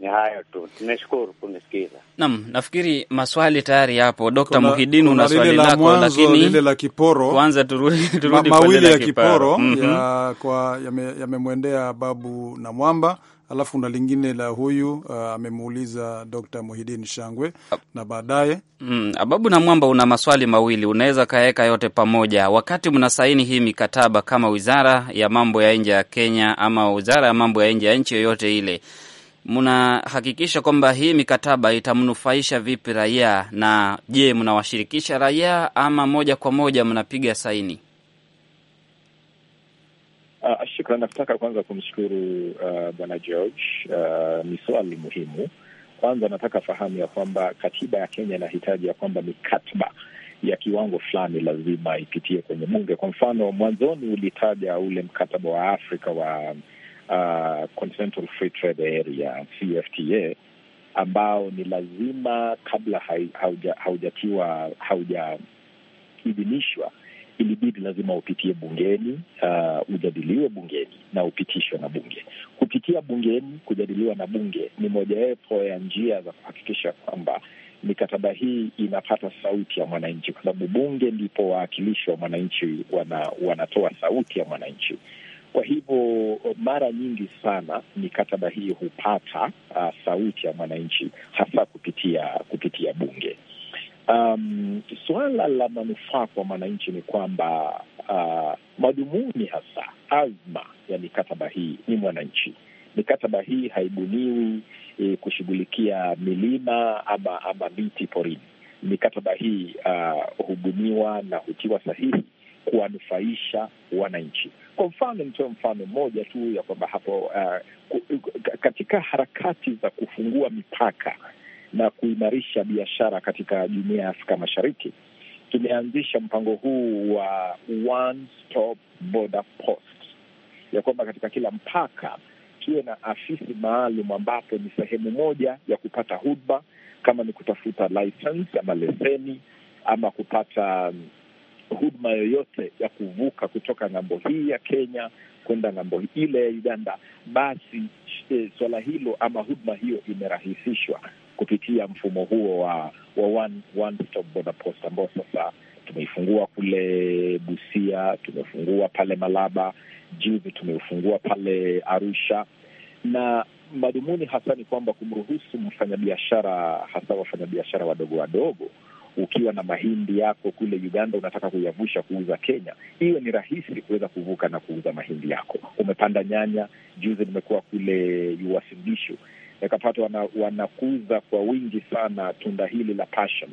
Ni hayo tu, tumeshukuru kunisikiza. Naam, nafikiri maswali tayari yapo. Dr. Muhidini, una swali lako, lakini lile la Kiporo kwanza turudi, turudi mawili ya Kiporo mm -hmm. yamemwendea ya Babu na Mwamba alafu na lingine la huyu uh, amemuuliza uh, Dr. Muhidini Shangwe na baadaye mm, Ababu na Mwamba, una maswali mawili unaweza kaweka yote pamoja. Wakati mnasaini hii mikataba kama wizara ya mambo ya nje ya Kenya ama wizara ya mambo ya nje ya nchi yoyote ile mnahakikisha kwamba hii mikataba itamnufaisha vipi raia, na je, mnawashirikisha raia ama moja kwa moja mnapiga saini? Uh, shukran. Nakutaka kwanza kumshukuru uh, bwana George. Uh, ni swali muhimu. Kwanza nataka fahamu ya kwamba katiba ya Kenya inahitaji ya kwamba mikataba ya kiwango fulani lazima ipitie kwenye bunge. Kwa mfano, mwanzoni ulitaja ule mkataba wa Afrika wa uh, Continental Free Trade Area CFTA, ambao ni lazima kabla haujatiwa haujaidhinishwa ilibidi lazima upitie bungeni uh, ujadiliwe bungeni na upitishwe na bunge. Kupitia bungeni, kujadiliwa na bunge ni mojawepo ya njia za kuhakikisha kwamba mikataba hii inapata sauti ya mwananchi, kwa sababu bunge ndipo waakilishi wa mwananchi wana, wanatoa sauti ya mwananchi. Kwa hivyo mara nyingi sana mikataba hii hupata uh, sauti ya mwananchi hasa kupitia kupitia bunge. Um, suala la manufaa kwa mwananchi ni kwamba uh, madhumuni hasa azma ya mikataba hii ni mwananchi. Mikataba hii haibuniwi e, kushughulikia milima ama ama miti porini. Mikataba hii uh, hubuniwa na hutiwa sahihi kuwanufaisha wananchi. Kwa mfano, nitoe mfano mmoja tu ya kwamba hapo uh, katika harakati za kufungua mipaka na kuimarisha biashara katika jumuiya ya Afrika Mashariki tumeanzisha mpango huu wa one stop border post, ya kwamba katika kila mpaka tuwe na afisi maalum ambapo ni sehemu moja ya kupata huduma, kama ni kutafuta license ama leseni ama kupata huduma yoyote ya kuvuka kutoka ng'ambo hii ya Kenya kwenda ng'ambo ile ya Uganda, basi e, swala hilo ama huduma hiyo imerahisishwa kupitia mfumo huo wa, wa one, one stop border post ambao sasa tumeifungua kule Busia, tumefungua pale Malaba, juzi tumeufungua pale Arusha, na madhumuni hasa ni kwamba kumruhusu mfanyabiashara, hasa wafanyabiashara wadogo wadogo ukiwa na mahindi yako kule Uganda unataka kuyavusha kuuza Kenya, iwe ni rahisi kuweza kuvuka na kuuza mahindi yako. Umepanda nyanya, juzi nimekuwa kule Uwasimbishu nikapata wana, wanakuza kwa wingi sana tunda hili la passion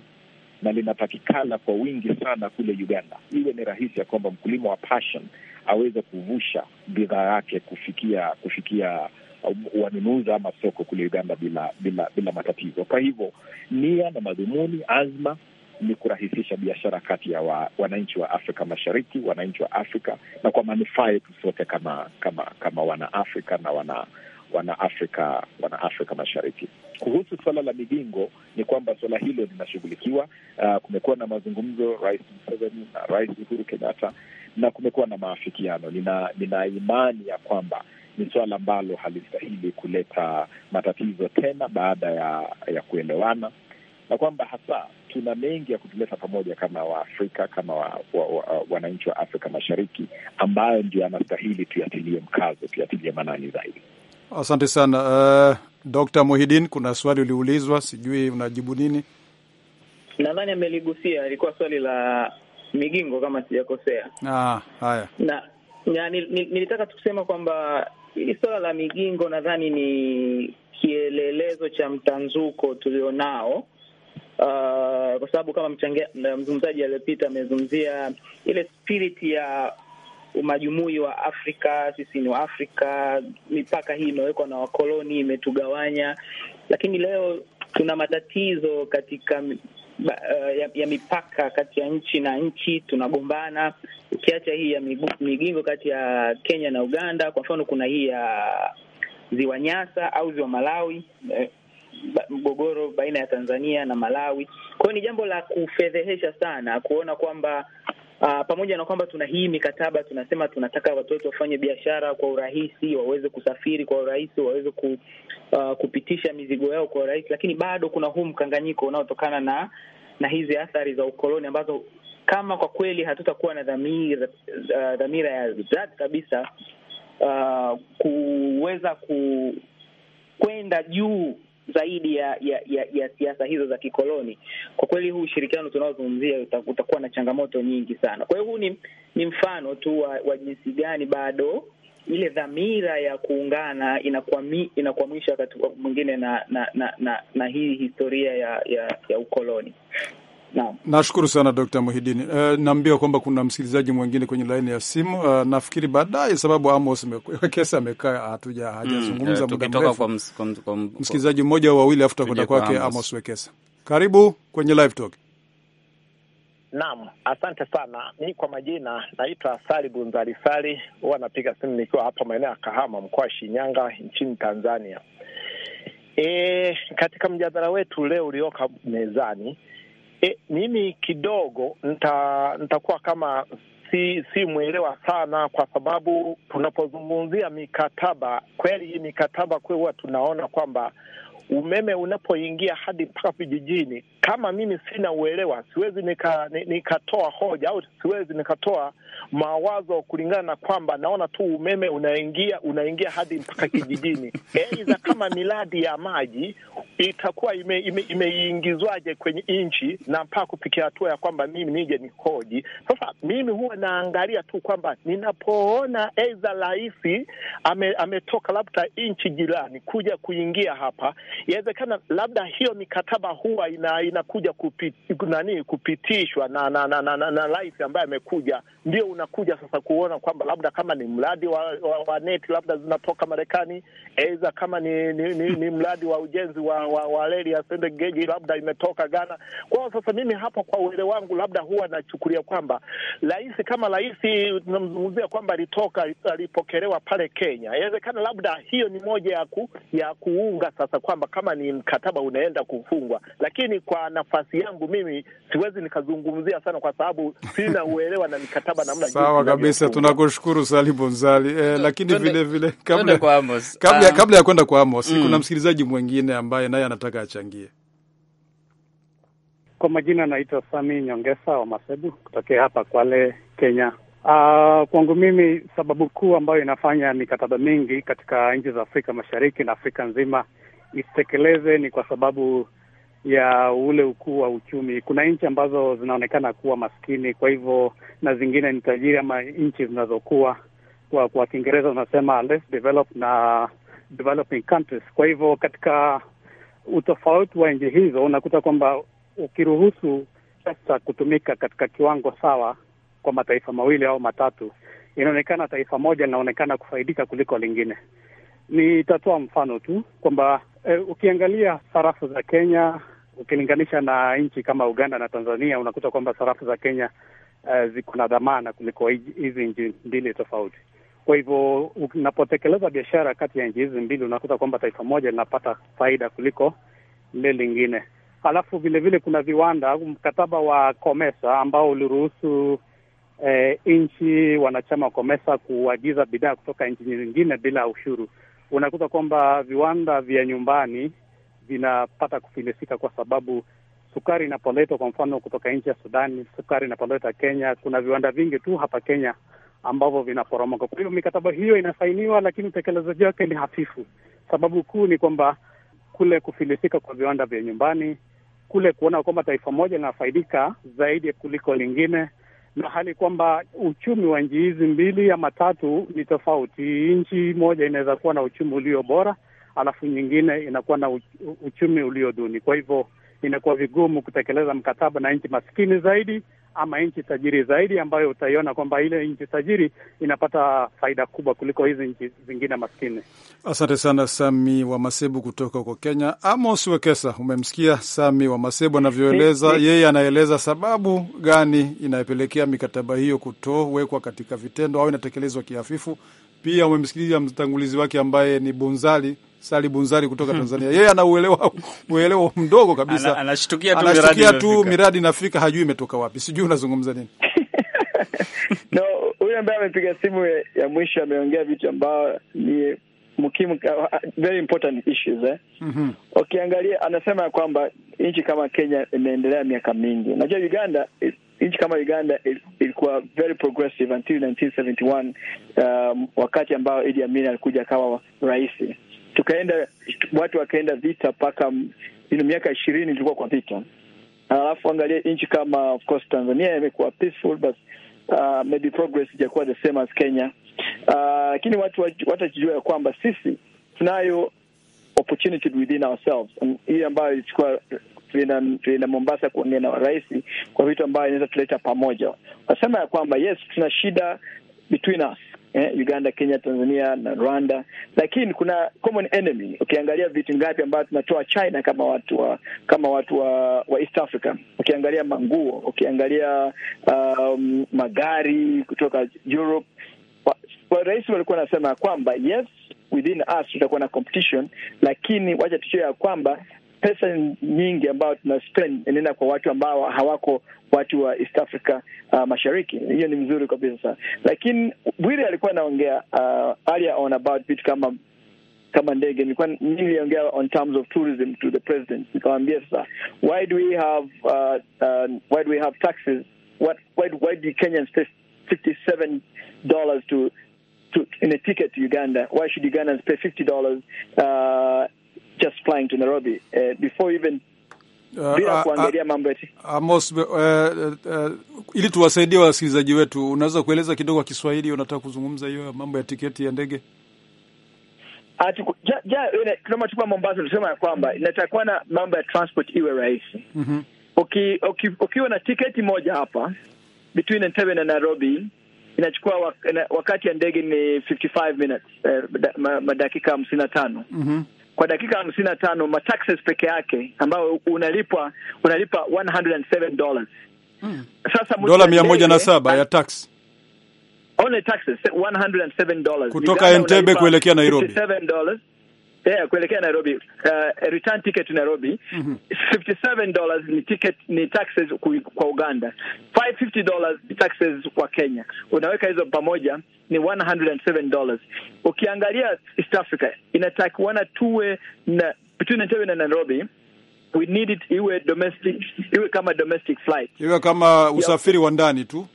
na linatakikana kwa wingi sana kule Uganda. Iwe ni rahisi ya kwamba mkulima wa passion aweze kuvusha bidhaa yake kufikia kufikia Um, wanunuzi ama soko kule Uganda bila bila bila matatizo. Kwa hivyo nia na madhumuni, azma ni kurahisisha biashara kati ya wa, wananchi wa Afrika Mashariki, wananchi wa Afrika na kwa manufaa yetu sote kama kama kama wanaafrika na wana wanaafrika Afrika Mashariki. Kuhusu suala la migingo, ni kwamba suala hilo linashughulikiwa. Uh, kumekuwa na mazungumzo Rais Museveni na Rais Uhuru Kenyatta, na kumekuwa na maafikiano. Nina, nina imani ya kwamba ni swala ambalo halistahili kuleta matatizo tena baada ya, ya kuelewana na kwamba hasa tuna mengi ya kutuleta pamoja kama Waafrika, kama wananchi wa, wa, wa, wa, wa Afrika Mashariki, ambayo ndio yanastahili tuyatilie mkazo, tuyatilie manani zaidi. Asante sana uh, Dr. Muhidin, kuna swali uliulizwa, sijui unajibu nini? Nadhani ameligusia, ilikuwa swali la Migingo kama sijakosea. Ah, haya na, na nilitaka tu kusema kwamba Hili suala la migingo nadhani ni kielelezo cha mtanzuko tulionao. Uh, kwa sababu kama mzungumzaji aliyopita amezungumzia ile spiriti ya umajumui wa Afrika, sisi ni Waafrika, mipaka hii imewekwa na wakoloni, imetugawanya. Lakini leo tuna matatizo katika Eh, ya, ya mipaka kati ya nchi na nchi tunagombana, ukiacha hii ya migingo kati ya Kenya na Uganda. Kwa mfano, kuna hii ya ziwa Nyasa au ziwa Malawi, eh, mgogoro baina ya Tanzania na Malawi. Kwa hiyo ni jambo la kufedhehesha sana kuona kwamba Uh, pamoja na kwamba tuna hii mikataba tunasema tunataka watoto wafanye biashara kwa urahisi, waweze kusafiri kwa urahisi, waweze ku, uh, kupitisha mizigo yao kwa urahisi, lakini bado kuna huu mkanganyiko unaotokana na na hizi athari za ukoloni ambazo kama kwa kweli hatutakuwa na dhamira, uh, dhamira ya dhati kabisa uh, kuweza ku kwenda juu zaidi ya ya, ya, ya siasa hizo za kikoloni. Kwa kweli huu ushirikiano tunaozungumzia utakuwa na changamoto nyingi sana. Kwa hiyo huu ni, ni mfano tu wa, wa jinsi gani bado ile dhamira ya kuungana inakwamisha wakati mwingine na na, na, na na hii historia ya ya, ya ukoloni. Nashukuru nashukuru sana Dr. Muhidini. Uh, naambiwa kwamba kuna msikilizaji mwingine kwenye laini ya simu. Uh, nafikiri baadaye, sababu Amos kesi amekaa hatuja hajazungumza mm, eh, muda mrefu. Msikilizaji mmoja au wawili, afu tutakwenda kwake kwa Amos Wekesa. Karibu kwenye live talk. Naam, asante sana. Mi kwa majina naitwa Sali Bunzali Sali, huwa napiga simu nikiwa hapa maeneo ya Kahama, mkoa wa Shinyanga, nchini Tanzania. E, katika mjadala wetu leo ulioka mezani E, mimi kidogo nita nitakuwa kama si si mwelewa sana, kwa sababu tunapozungumzia mikataba kweli, hii mikataba kweli huwa tunaona kwamba umeme unapoingia hadi mpaka vijijini, kama mimi sina uelewa, siwezi nikatoa nika hoja au siwezi nikatoa mawazo kulingana na kwamba naona tu umeme unaingia unaingia hadi mpaka kijijini. Aidha, kama miradi ya maji itakuwa imeiingizwaje ime, ime kwenye nchi na mpaka kufikia hatua ya kwamba mimi nije nikoji. Sasa mimi huwa naangalia tu kwamba ninapoona aidha rais ame, ametoka labda nchi jirani kuja kuingia hapa, inawezekana labda hiyo mikataba huwa ina, inakuja kupit, nani kupitishwa na na, na, na, na, na rais ambaye amekuja ndio unakuja sasa kuona kwamba labda kama ni mradi wa, wa, wa neti labda zinatoka Marekani, aidha kama ni, ni, ni, ni mradi wa ujenzi wa, wa, wa reli ya Sende Geji labda imetoka Ghana kwao. Sasa mimi hapa kwa uele wangu labda huwa nachukulia kwamba rais kama rais tunamzungumzia kwamba alitoka alipokelewa pale Kenya, inawezekana labda hiyo ni moja ya, ku, ya kuunga sasa kwamba kama ni mkataba unaenda kufungwa, lakini kwa nafasi yangu mimi siwezi nikazungumzia sana kwa sababu sina uelewa na mikataba na Sawa kabisa, tunakushukuru Sali Bonzali. Eh, lakini vilevile vile kabla kabla, ah. kabla ya kwenda kwa Amos mm, kuna msikilizaji mwingine ambaye naye anataka achangie. Kwa majina naitwa Sami Nyongesa wa Masebu kutokea hapa Kwale, Kenya. Uh, kwangu mimi sababu kuu ambayo inafanya mikataba mingi katika nchi za Afrika Mashariki na Afrika nzima isitekeleze ni kwa sababu ya ule ukuu wa uchumi. Kuna nchi ambazo zinaonekana kuwa maskini, kwa hivyo na zingine ni tajiri, ama nchi zinazokuwa kwa kwa Kiingereza unasema less developed na developing countries. Kwa hivyo katika utofauti wa nchi hizo unakuta kwamba ukiruhusu pesa kutumika katika kiwango sawa kwa mataifa mawili au matatu, inaonekana taifa moja linaonekana kufaidika kuliko lingine. Nitatoa mfano tu kwamba E, ukiangalia sarafu za Kenya ukilinganisha na nchi kama Uganda na Tanzania unakuta kwamba sarafu za Kenya uh, ziko na dhamana kuliko hizi nchi mbili tofauti. Kwa hivyo unapotekeleza biashara kati ya nchi hizi mbili unakuta kwamba taifa moja linapata faida kuliko lile lingine. Alafu vile vile kuna viwanda, mkataba wa COMESA ambao uliruhusu eh, nchi wanachama wa COMESA kuagiza bidhaa kutoka nchi nyingine bila ushuru unakuta kwamba viwanda vya nyumbani vinapata kufilisika kwa sababu sukari inapoletwa kwa mfano kutoka nchi ya Sudani, sukari inapoletwa Kenya, kuna viwanda vingi tu hapa Kenya ambavyo vinaporomoka. Kwa hiyo mikataba hiyo inasainiwa, lakini utekelezaji wake ni hafifu. Sababu kuu ni kwamba kule kufilisika kwa viwanda vya nyumbani, kule kuona kwamba taifa moja linafaidika zaidi kuliko lingine, na hali kwamba uchumi wa nchi hizi mbili ama tatu ni tofauti. Nchi moja inaweza kuwa na uchumi ulio bora, alafu nyingine inakuwa na uchumi ulio duni. Kwa hivyo inakuwa vigumu kutekeleza mkataba na nchi maskini zaidi ama nchi tajiri zaidi, ambayo utaiona kwamba ile nchi tajiri inapata faida kubwa kuliko hizi nchi zingine maskini. Asante sana Sami wa Masebu kutoka huko Kenya. Amos Wekesa, umemsikia Sami wa Masebu anavyoeleza. Yeye anaeleza sababu gani inayopelekea mikataba hiyo kutowekwa katika vitendo au inatekelezwa kihafifu. Pia umemsikiliza mtangulizi wake ambaye ni Bunzali Sali Bunzari kutoka hmm. Tanzania. Yeye anauelewa uelewa mdogo kabisa, anashtukia tu, anashtukia tu miradi inafika, hajui imetoka wapi. Sijui unazungumza nini? No, huyu ambaye amepiga simu ya mwisho ameongea vitu ambayo ni muhimu, very important issues eh. mm -hmm. Ukiangalia anasema ya kwamba nchi kama Kenya imeendelea miaka mingi. Unajua Uganda, nchi kama Uganda ilikuwa very progressive until 1971, um, wakati ambao Idi Amin alikuja akawa rais tukaenda watu wakaenda vita mpaka miaka ishirini tulikuwa kwa vita. Alafu angalia nchi kama of course Tanzania imekuwa peaceful but uh, maybe progress ijakuwa the same as Kenya, uh, lakini uh, watu watajijua ya kwamba sisi tunayo opportunity within ourselves hii ambayo ilichukua tuenda Mombasa kuongea na rais kwa vitu ambayo inaweza tuleta pamoja. Wasema ya kwamba yes, tuna shida between us eh, Uganda, Kenya, Tanzania na Rwanda, lakini kuna common enemy. Ukiangalia vitu ngapi ambavyo tunatoa China kama watu wa kama watu wa, wa East Africa, ukiangalia manguo, ukiangalia um, magari kutoka Europe. Rais walikuwa wanasema kwamba yes within us tutakuwa na competition, lakini wacha tuchio ya kwamba pesa nyingi ambayo tuna spend inaenda kwa watu ambao hawako watu wa East Africa uh, mashariki. Hiyo ni mzuri kabisa, sana, lakini Bwire alikuwa anaongea uh, earlier on about vitu kama kama ndege. Nilikuwa mimi niliongea on terms of tourism to the president, nikamwambia sasa, why do we have uh, uh, why do we have taxes what why, why do Kenyans pay 57 dollars to to in a ticket to Uganda? Why should Ugandans pay 50 dollars uh, just flying to Nairobi uh, before even uh, bila uh, kuangalia uh, mambo eti Amos, ili tuwasaidie wasikilizaji wetu, unaweza kueleza kidogo kwa Kiswahili unataka kuzungumza hiyo mambo ya tiketi ya ndege? Kuna matukio Mombasa tunasema ya kwamba inatakuwa na mambo ya transport iwe rahisi. mm -hmm. Ukiwa na tiketi moja hapa between Entebbe na Nairobi inachukua wakati ya ndege ni 55 minutes, eh, madakika hamsini na tano. mm -hmm kwa dakika hamsini na tano mataxes peke yake ambayo unalipwa unalipa $107. Mm. Sasa dola mia moja na saba ya tax only taxes $107 kutoka Entebbe kuelekea Nairobi yeah, kuelekea Nairobi uh, return ticket to Nairobi mm -hmm. $57 ni ticket ni taxes kui, kwa Uganda, $550 ni taxes kwa Kenya. Unaweka hizo pamoja ni $107. Ukiangalia East Africa inatakiwana tuwe na between Entebbe na Nairobi we need it iwe domestic, iwe kama domestic flight, iwe kama usafiri yeah. wa ndani tu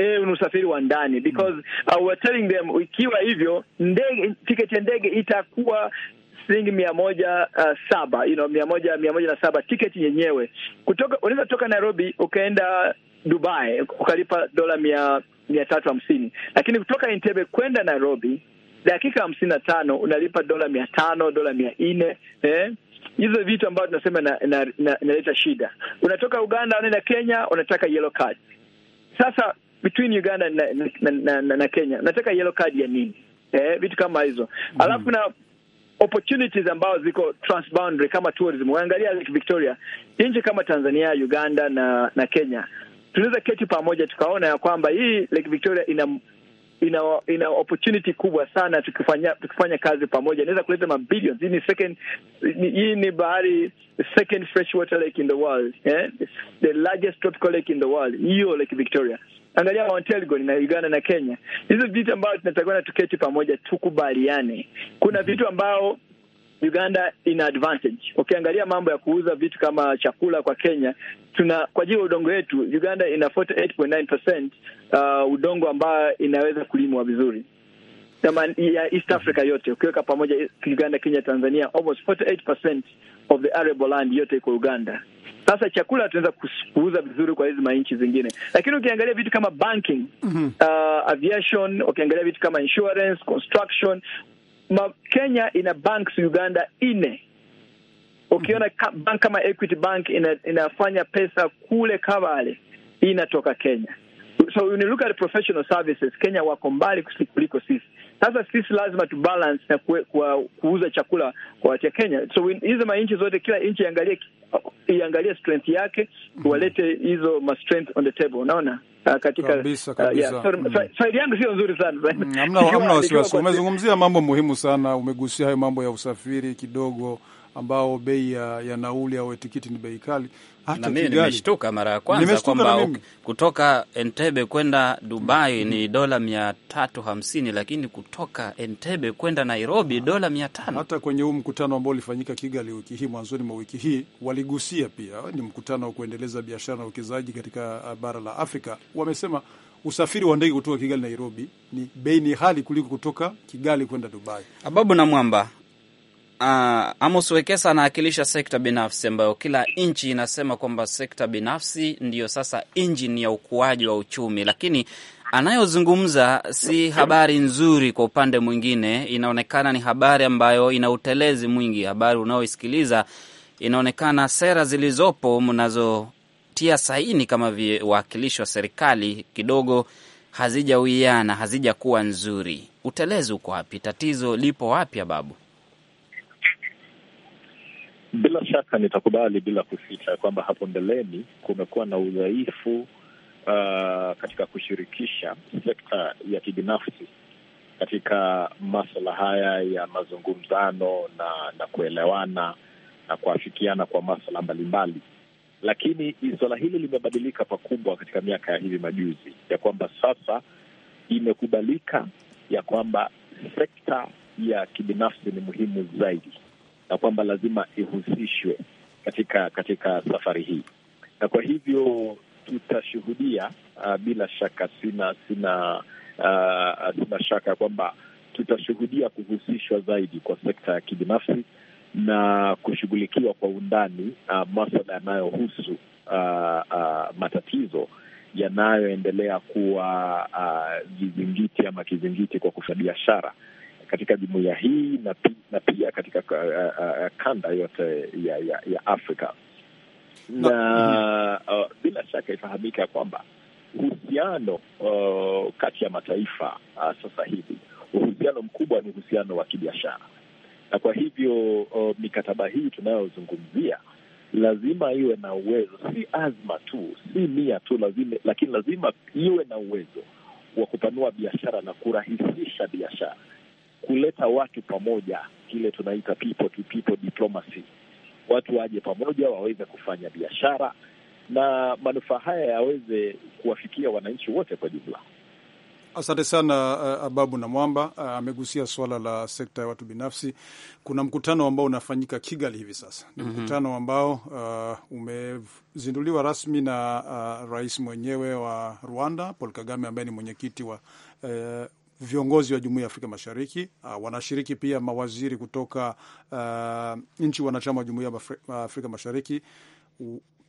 eh, ni usafiri wa ndani because mm. uh, we're telling them ikiwa hivyo ndege, tiketi ya ndege itakuwa shilingi mia moja uh, saba you know, mia moja mia moja na saba tiketi yenyewe. Kutoka unaweza kutoka Nairobi ukaenda Dubai ukalipa dola mia mia tatu hamsini lakini kutoka Entebbe kwenda Nairobi dakika hamsini na tano unalipa dola mia tano dola mia nne eh? Hizo vitu ambavyo tunasema inaleta na, na, na, shida. Unatoka Uganda unaenda Kenya, unataka yellow card. Sasa between Uganda na, na, na, na, na Kenya, nataka yellow card ya nini? Eh, vitu kama hizo mm. Alafu na opportunities ambazo ziko transboundary kama tourism. waangalia Lake Victoria, nchi kama Tanzania, Uganda na na Kenya tunaweza keti pamoja tukaona ya kwamba hii Lake Victoria ina ina ina opportunity kubwa sana, tukifanya tukifanya kazi pamoja inaweza kuleta mabilions. Hii ni second, hii ni bahari second freshwater lake in the world, eh, the largest tropical lake in the world, hiyo Lake Victoria angalia Mount na Uganda na Kenya, hizo vitu ambayo tunatakiwa na tuketi pamoja, tukubaliane. Kuna mhm. vitu ambao Uganda ina advantage. Ukiangalia mambo ya kuuza vitu kama chakula kwa Kenya, tuna kwa ajili ya udongo wetu, Uganda ina 48.9% uh, udongo ambayo inaweza kulimwa vizuri ya East Africa yote ukiweka pamoja Uganda, Kenya, Tanzania, almost 48% of the arable land yote iko Uganda. Sasa chakula tunaweza kuuza vizuri kwa hizi manchi zingine, lakini ukiangalia vitu kama banking, mm -hmm. uh, aviation, ukiangalia vitu kama insurance, construction, ma Kenya ina banks Uganda nne ukiona mm -hmm. bank kama Equity Bank ina, inafanya pesa kule Kabale inatoka Kenya. So when you look at professional services Kenya wako mbali kuliko sisi. Sasa sisi lazima balance na kue, kwa kuuza chakula kwa watu wa Kenya. So hizo manchi zote, kila nchi iangalie iangalie strength yake, tuwalete mhm. hizo ma strength on the table, unaona ah, katika kabisa ah, kabisa. Faili mhm. yangu sio nzuri sana mm, hamna, hamna wasiwasi. Umezungumzia mambo muhimu sana, umegusia hayo mambo ya usafiri kidogo ambao bei ya, ya nauli au tikiti ni bei kali. Hata na mimi nimeshtuka mara ya kwanza kwamba kutoka Entebbe kwenda Dubai mm, ni dola mia tatu hamsini lakini kutoka Entebbe kwenda Nairobi ah. dola mia tano. Hata kwenye huu mkutano ambao ulifanyika Kigali wiki hii, mwanzoni mwa wiki hii, waligusia pia, ni mkutano wa kuendeleza biashara na uwekezaji katika uh, bara la Afrika. Wamesema usafiri wa ndege kutoka Kigali Nairobi ni bei ni hali kuliko kutoka Kigali kwenda Dubai. Ababu na Mwamba Uh, Amos Wekesa anawakilisha sekta binafsi ambayo kila nchi inasema kwamba sekta binafsi ndiyo sasa injini ya ukuaji wa uchumi, lakini anayozungumza si habari nzuri. Kwa upande mwingine, inaonekana ni habari ambayo ina utelezi mwingi. Habari unaoisikiliza inaonekana sera zilizopo mnazotia saini kama wawakilishi wa serikali kidogo hazijawiana, hazijakuwa nzuri. Utelezi uko wapi? Tatizo lipo wapi, Babu? Bila shaka nitakubali bila kusita kwamba hapo mbeleni kumekuwa na udhaifu uh, katika kushirikisha sekta ya kibinafsi katika maswala haya ya mazungumzano na, na kuelewana na kuafikiana kwa maswala mbalimbali, lakini swala hili limebadilika pakubwa katika miaka ya hivi majuzi, ya kwamba sasa imekubalika ya kwamba sekta ya kibinafsi ni muhimu zaidi na kwamba lazima ihusishwe katika katika safari hii, na kwa hivyo tutashuhudia uh, bila shaka sina sina uh, sina shaka ya kwamba tutashuhudia kuhusishwa zaidi kwa sekta ya kibinafsi na kushughulikiwa kwa undani uh, maswala yanayohusu uh, uh, matatizo yanayoendelea kuwa uh, vizingiti ama kizingiti kwa kufanya biashara katika jumuiya hii na, pi, na pia katika uh, uh, uh kanda yote ya, ya, ya Afrika na mhm. uh, bila shaka ifahamika kwamba uhusiano uh, kati ya mataifa uh, sasa hivi uhusiano mkubwa ni uhusiano wa kibiashara, na kwa hivyo uh, mikataba hii tunayozungumzia lazima iwe na uwezo, si azma tu, si nia tu, lazima lakini lazima iwe na uwezo wa kupanua biashara na kurahisisha biashara kuleta watu pamoja, kile tunaita people to people diplomacy. Watu waje pamoja waweze kufanya biashara na manufaa haya yaweze kuwafikia wananchi wote kwa jumla. Asante sana uh, Ababu na Mwamba uh, amegusia uh, suala la sekta ya watu binafsi. Kuna mkutano ambao unafanyika Kigali hivi sasa, ni mhm. mkutano mm -hmm. ambao uh, umezinduliwa rasmi na uh, rais mwenyewe wa Rwanda Paul Kagame ambaye ni mwenyekiti wa, uh, viongozi wa Jumuiya ya Afrika Mashariki uh, wanashiriki pia mawaziri kutoka uh, nchi wanachama wa Jumuiya ya Afrika Mashariki.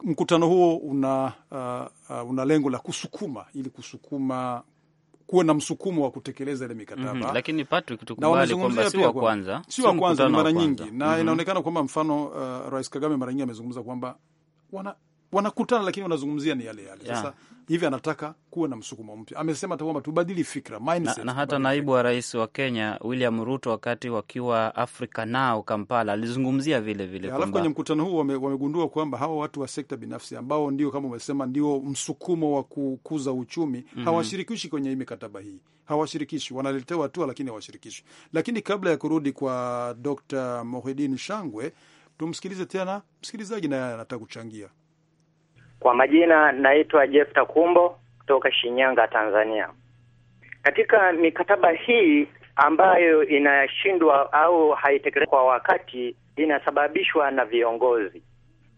Mkutano huo una, uh, uh, una lengo la kusukuma ili kusukuma kuwe na msukumo wa kutekeleza ile mikataba mm -hmm. Lakini Patrick, tukubali kwamba si wa kwanza, si wa kwanza, ni mara nyingi na mm -hmm. Inaonekana kwamba mfano uh, Rais Kagame mara nyingi amezungumza kwamba wana wanakutana lakini wanazungumzia ni yale yale. Sasa hivi anataka kuwa na msukumo mpya. Amesema kwamba tubadili fikra mindset, na, na hata naibu wa rais wa Kenya William Ruto wakati wakiwa Africa Now Kampala alizungumzia vile vile alafu kwenye mkutano huu wame, wamegundua kwamba hawa watu wa sekta binafsi ambao ndio kama umesema ndio msukumo wa kukuza uchumi mm -hmm. hawashirikishi kwenye hii mikataba hii, hawashirikishi, wanaletewa hatua lakini hawashirikishi. Lakini kabla ya kurudi kwa Dr. Mohidin Shangwe, tumsikilize tena msikilizaji, naye anataka kuchangia. Kwa majina naitwa Jefta Kumbo kutoka Shinyanga, Tanzania. Katika mikataba hii ambayo inashindwa au haitekelezwa kwa wakati, inasababishwa na viongozi.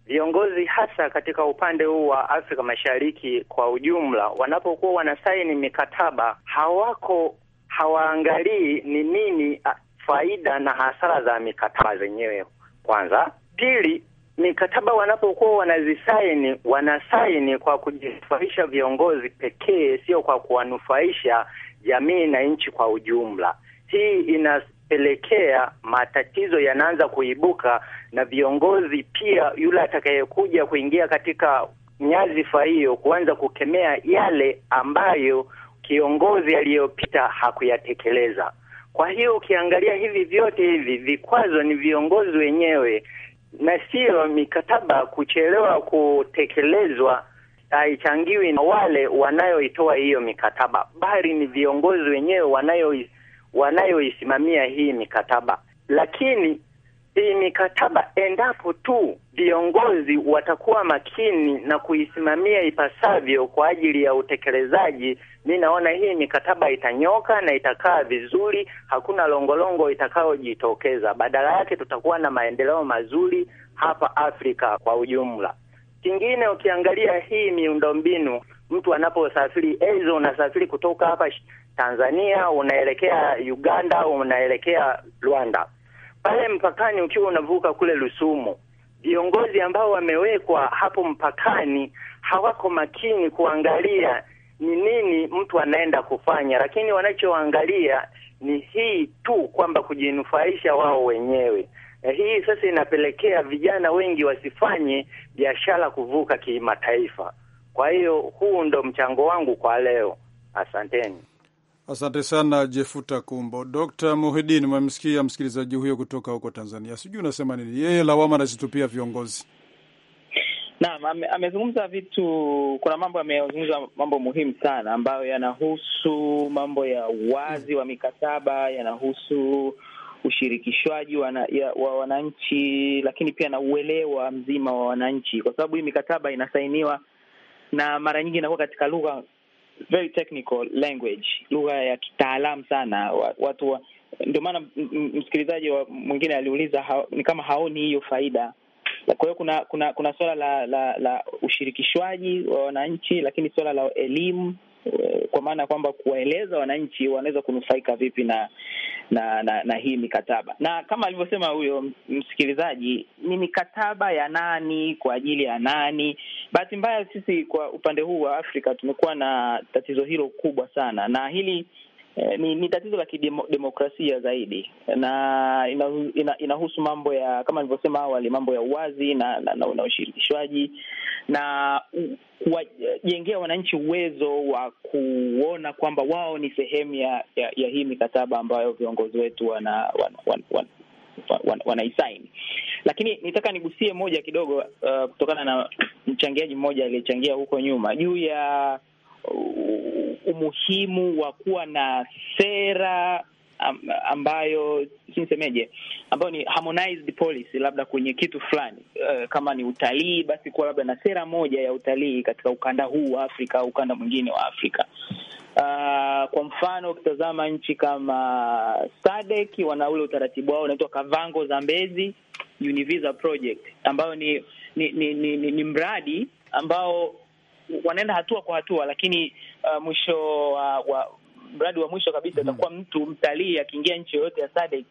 Viongozi hasa katika upande huu wa Afrika Mashariki kwa ujumla, wanapokuwa wanasaini mikataba hawako hawaangalii ni nini faida na hasara za mikataba zenyewe kwanza. Pili, mikataba wanapokuwa wanazisaini wanasaini kwa kujinufaisha viongozi pekee, sio kwa kuwanufaisha jamii na nchi kwa ujumla. Hii inapelekea matatizo yanaanza kuibuka, na viongozi pia, yule atakayekuja kuingia katika nyadhifa hiyo, kuanza kukemea yale ambayo kiongozi aliyopita hakuyatekeleza. Kwa hiyo ukiangalia hivi vyote hivi vikwazo ni viongozi wenyewe na siyo mikataba kuchelewa kutekelezwa haichangiwi na wale wanayoitoa hiyo mikataba, bali ni viongozi wenyewe wanayo wanayoisimamia hii mikataba. Lakini hii mikataba, endapo tu viongozi watakuwa makini na kuisimamia ipasavyo kwa ajili ya utekelezaji, mi naona hii mikataba itanyoka na itakaa vizuri, hakuna longolongo itakayojitokeza. Badala yake tutakuwa na maendeleo mazuri hapa Afrika kwa ujumla. Kingine, ukiangalia hii miundombinu, mtu anaposafiri, aidha unasafiri kutoka hapa Tanzania unaelekea Uganda, unaelekea Rwanda pale mpakani, ukiwa unavuka kule Lusumo, viongozi ambao wamewekwa hapo mpakani hawako makini kuangalia ni nini mtu anaenda kufanya, lakini wanachoangalia ni hii tu kwamba kujinufaisha wao wenyewe. Eh, hii sasa inapelekea vijana wengi wasifanye biashara kuvuka kimataifa. Kwa hiyo huu ndo mchango wangu kwa leo, asanteni. Asante sana Jefuta Kumbo. Dkt Muhidin, umemsikia msikilizaji huyo kutoka huko Tanzania, sijui unasema nini? Yeye lawama anazitupia viongozi. Naam, amezungumza vitu, kuna mambo amezungumza, mambo muhimu sana ambayo yanahusu mambo ya uwazi wa mikataba, yanahusu ushirikishwaji wana, ya, wa wananchi, lakini pia na uelewa mzima wa wananchi, kwa sababu hii mikataba inasainiwa na mara nyingi inakuwa katika lugha very technical language, lugha ya kitaalam sana. Watu wa, ndio maana msikilizaji mwingine aliuliza ha, ni kama haoni hiyo faida. Kwa hiyo kuna kuna kuna suala la la, la ushirikishwaji wa wananchi, lakini suala la elimu Eh, kwa maana ya kwamba kuwaeleza wananchi wanaweza kunufaika vipi na na, na na hii mikataba, na kama alivyosema huyo msikilizaji, ni mikataba ya nani kwa ajili ya nani? Bahati mbaya sisi kwa upande huu wa Afrika tumekuwa na tatizo hilo kubwa sana, na hili Eh, ni, ni tatizo la kidemokrasia zaidi na inahusu ina, ina mambo ya kama nilivyosema awali, mambo ya uwazi na na, na, na ushirikishwaji na kuwajengea wananchi uwezo wa kuona kwamba wao ni sehemu ya, ya, ya hii mikataba ambayo viongozi wetu wana, wana, wana, wana wanaisaini lakini nitaka nigusie moja kidogo, uh, kutokana na mchangiaji mmoja aliyechangia huko nyuma juu ya umuhimu wa kuwa na sera ambayo sinisemeje, ambayo ni harmonized policy, labda kwenye kitu fulani uh, kama ni utalii, basi kuwa labda na sera moja ya utalii katika ukanda huu wa Afrika au ukanda mwingine wa Afrika. Uh, kwa mfano ukitazama nchi kama SADC wana ule utaratibu wao unaitwa Kavango Zambezi Univisa Project ambayo ni ni, ni, ni, ni, ni mradi ambao wanaenda hatua kwa hatua, lakini uh, mwisho uh, wa mradi wa mwisho kabisa mhm. atakuwa mm -hmm. mtu mtalii akiingia nchi yoyote ya SADC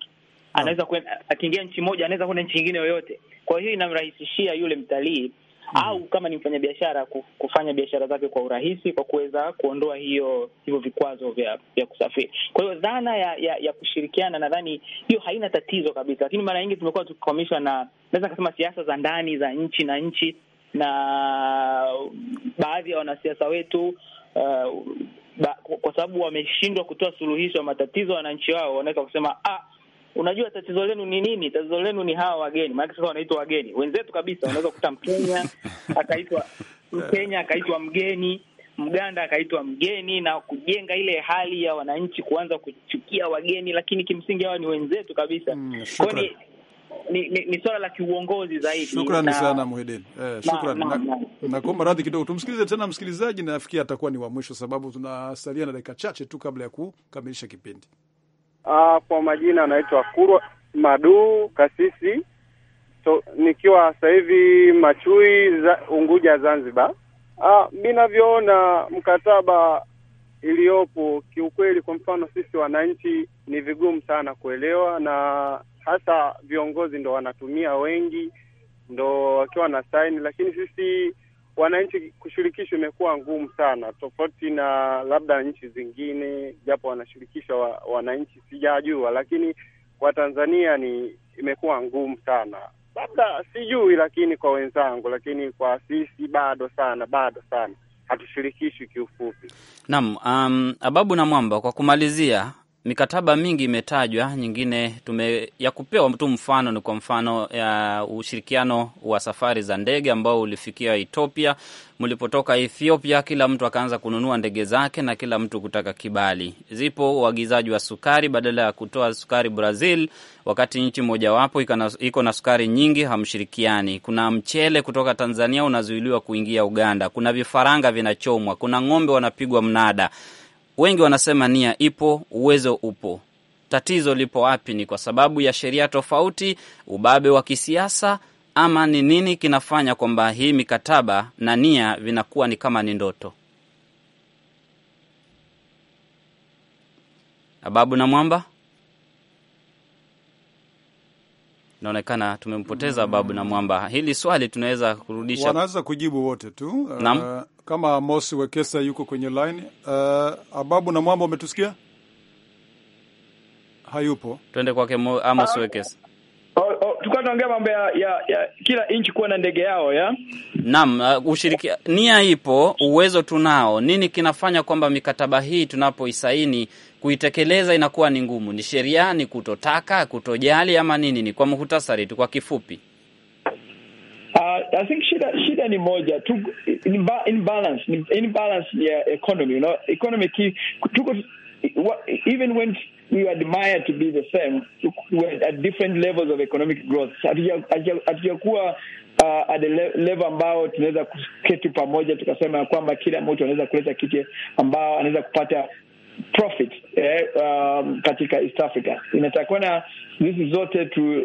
anaweza akiingia nchi moja anaweza kwenda nchi nyingine yoyote. Kwa hiyo inamrahisishia yule mtalii mm -hmm. au kama ni mfanyabiashara kufanya biashara zake kwa urahisi kwa kuweza kuondoa hiyo hivyo vikwazo vya vya kusafiri. Kwa hiyo dhana ya ya, ya kushirikiana nadhani hiyo haina tatizo kabisa, lakini mara nyingi tumekuwa tukikwamishwa na naweza kasema siasa za ndani za nchi na nchi na baadhi ya wanasiasa wetu uh, ba, kwa sababu wameshindwa kutoa suluhisho ya matatizo ya wananchi wao, wanaweza kusema ah, unajua tatizo lenu ni nini? Tatizo lenu ni hawa wageni. Maanake sasa wanaitwa wageni wenzetu kabisa. Unaweza kukuta Mkenya akaitwa Mkenya akaitwa mgeni, Mganda akaitwa mgeni, na kujenga ile hali ya wananchi kuanza kuchukia wageni, lakini kimsingi hawa ni wenzetu kabisa. Mm, kwani ni, ni, ni swala la kiuongozi zaidi. Shukrani na... sana Muhedeni eh, shukrani na, na, na, na, kuomba radhi kidogo. Tumsikilize tena msikilizaji, nafikia atakuwa ni wa mwisho sababu tunasalia na dakika chache tu kabla ya kukamilisha kipindi. Ah, kwa majina anaitwa Kurwa Maduu Kasisi so, nikiwa sasa hivi Machui za, Unguja Zanzibar. Ah, mi navyoona mkataba iliyopo kiukweli, kwa mfano sisi wananchi ni vigumu sana kuelewa, na hasa viongozi ndo wanatumia wengi, ndo wakiwa na saini, lakini sisi wananchi kushirikishwa imekuwa ngumu sana, tofauti na labda nchi zingine, japo wanashirikisha wa, wananchi sijajua, lakini kwa Tanzania ni imekuwa ngumu sana, labda sijui, lakini kwa wenzangu, lakini kwa sisi bado sana, bado sana hatushirikishwi kiufupi. Naam, um, Ababu na Mwamba, kwa kumalizia mikataba mingi imetajwa, nyingine tume ya kupewa tu mfano ni kwa mfano ya ushirikiano wa safari za ndege ambao ulifikia Ethiopia. Mlipotoka Ethiopia, kila mtu akaanza kununua ndege zake na kila mtu kutaka kibali. Zipo uagizaji wa sukari, badala ya kutoa sukari Brazil, wakati nchi mojawapo iko na sukari nyingi, hamshirikiani. Kuna mchele kutoka Tanzania unazuiliwa kuingia Uganda, kuna vifaranga vinachomwa, kuna ng'ombe wanapigwa mnada Wengi wanasema nia ipo, uwezo upo. Tatizo lipo wapi? Ni kwa sababu ya sheria tofauti, ubabe wa kisiasa, ama ni nini kinafanya kwamba hii mikataba na nia vinakuwa ni kama ni ndoto? Ababu na Mwamba. inaonekana tumempoteza babu na mwamba. Hili swali tunaweza kurudisha, wanaweza kujibu wote tu uh, kama Amos Wekesa yuko kwenye line uh, Babu na mwamba, umetusikia? Hayupo, tuende kwake Amos ah, Wekesa. Oh, oh, tulikuwa tunaongea mambo ya, ya, ya kila nchi kuwa na ndege yao ya naam. Uh, ushiriki nia ipo, uwezo tunao. Nini kinafanya kwamba mikataba hii tunapoisaini kuitekeleza inakuwa ni ngumu? Ni sheria, ni kutotaka, kutojali ama nini? Ni kwa muhtasari tu, kwa kifupi. Uh, I think shida shida ni moja tu, imbalance imbalance ya economy, you know, economy ki, tuko even when we admire to be the same, at different levels of economic growth. Hatujakuwa uh, at level ambao tunaweza kuketi pamoja tukasema ya kwamba kila mtu anaweza kuleta kiti ambao anaweza kupata profit eh, um, katika East Africa. Inatakana hizi zote tu,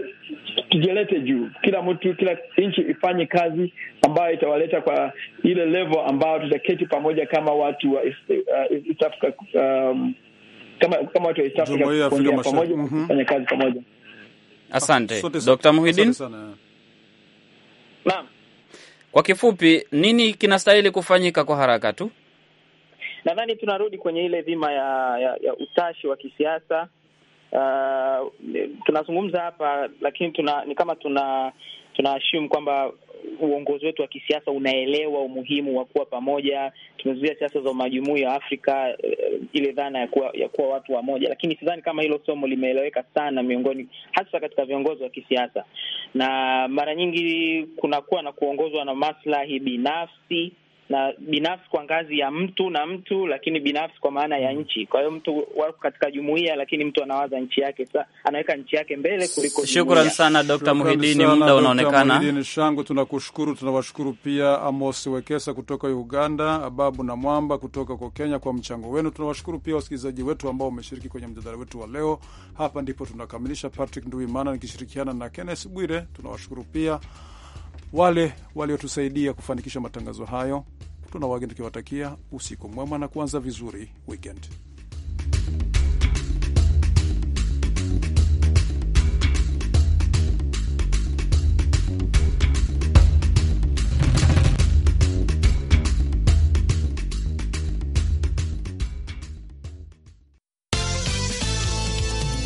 tujelete juu, kila mtu, kila nchi ifanye kazi ambayo itawaleta kwa ile level ambayo tutaketi pamoja kama watu wa East, uh, East Africa um, kama, kama watu wa East Africa pamoja mm -hmm. kazi pamoja. Asante Dr. Muhidin. Naam, kwa kifupi, nini kinastahili kufanyika kwa haraka tu? Nadhani tunarudi kwenye ile dhima ya, ya, ya utashi wa kisiasa. Uh, tunazungumza hapa lakini tuna, ni kama tuna kwamba uongozi wetu wa kisiasa unaelewa umuhimu wa kuwa pamoja. Tumezuia siasa za majumui ya Afrika, eh, ile dhana ya kuwa, ya kuwa watu wamoja, lakini sidhani kama hilo somo limeeleweka sana miongoni, hasa katika viongozi wa kisiasa, na mara nyingi kunakuwa na kuongozwa na maslahi binafsi na binafsi kwa ngazi ya mtu na mtu, lakini binafsi kwa maana ya nchi. Kwa hiyo mtu wako katika jumuiya, lakini mtu anawaza nchi yake, sa anaweka nchi yake mbele kuliko. Shukran sana Dr. Muhidini, muda unaonekana. Muhidini Shangu, tunakushukuru. Tunawashukuru pia Amos Wekesa kutoka Uganda, Ababu na Mwamba kutoka kwa Kenya kwa mchango wenu. Tunawashukuru pia wasikilizaji wetu ambao wameshiriki kwenye mjadala wetu wa leo. Hapa ndipo tunakamilisha. Patrick Nduimana nikishirikiana na Kenneth Bwire tunawashukuru pia wale waliotusaidia kufanikisha matangazo hayo. Tuna wageni tukiwatakia usiku mwema na kuanza vizuri weekend.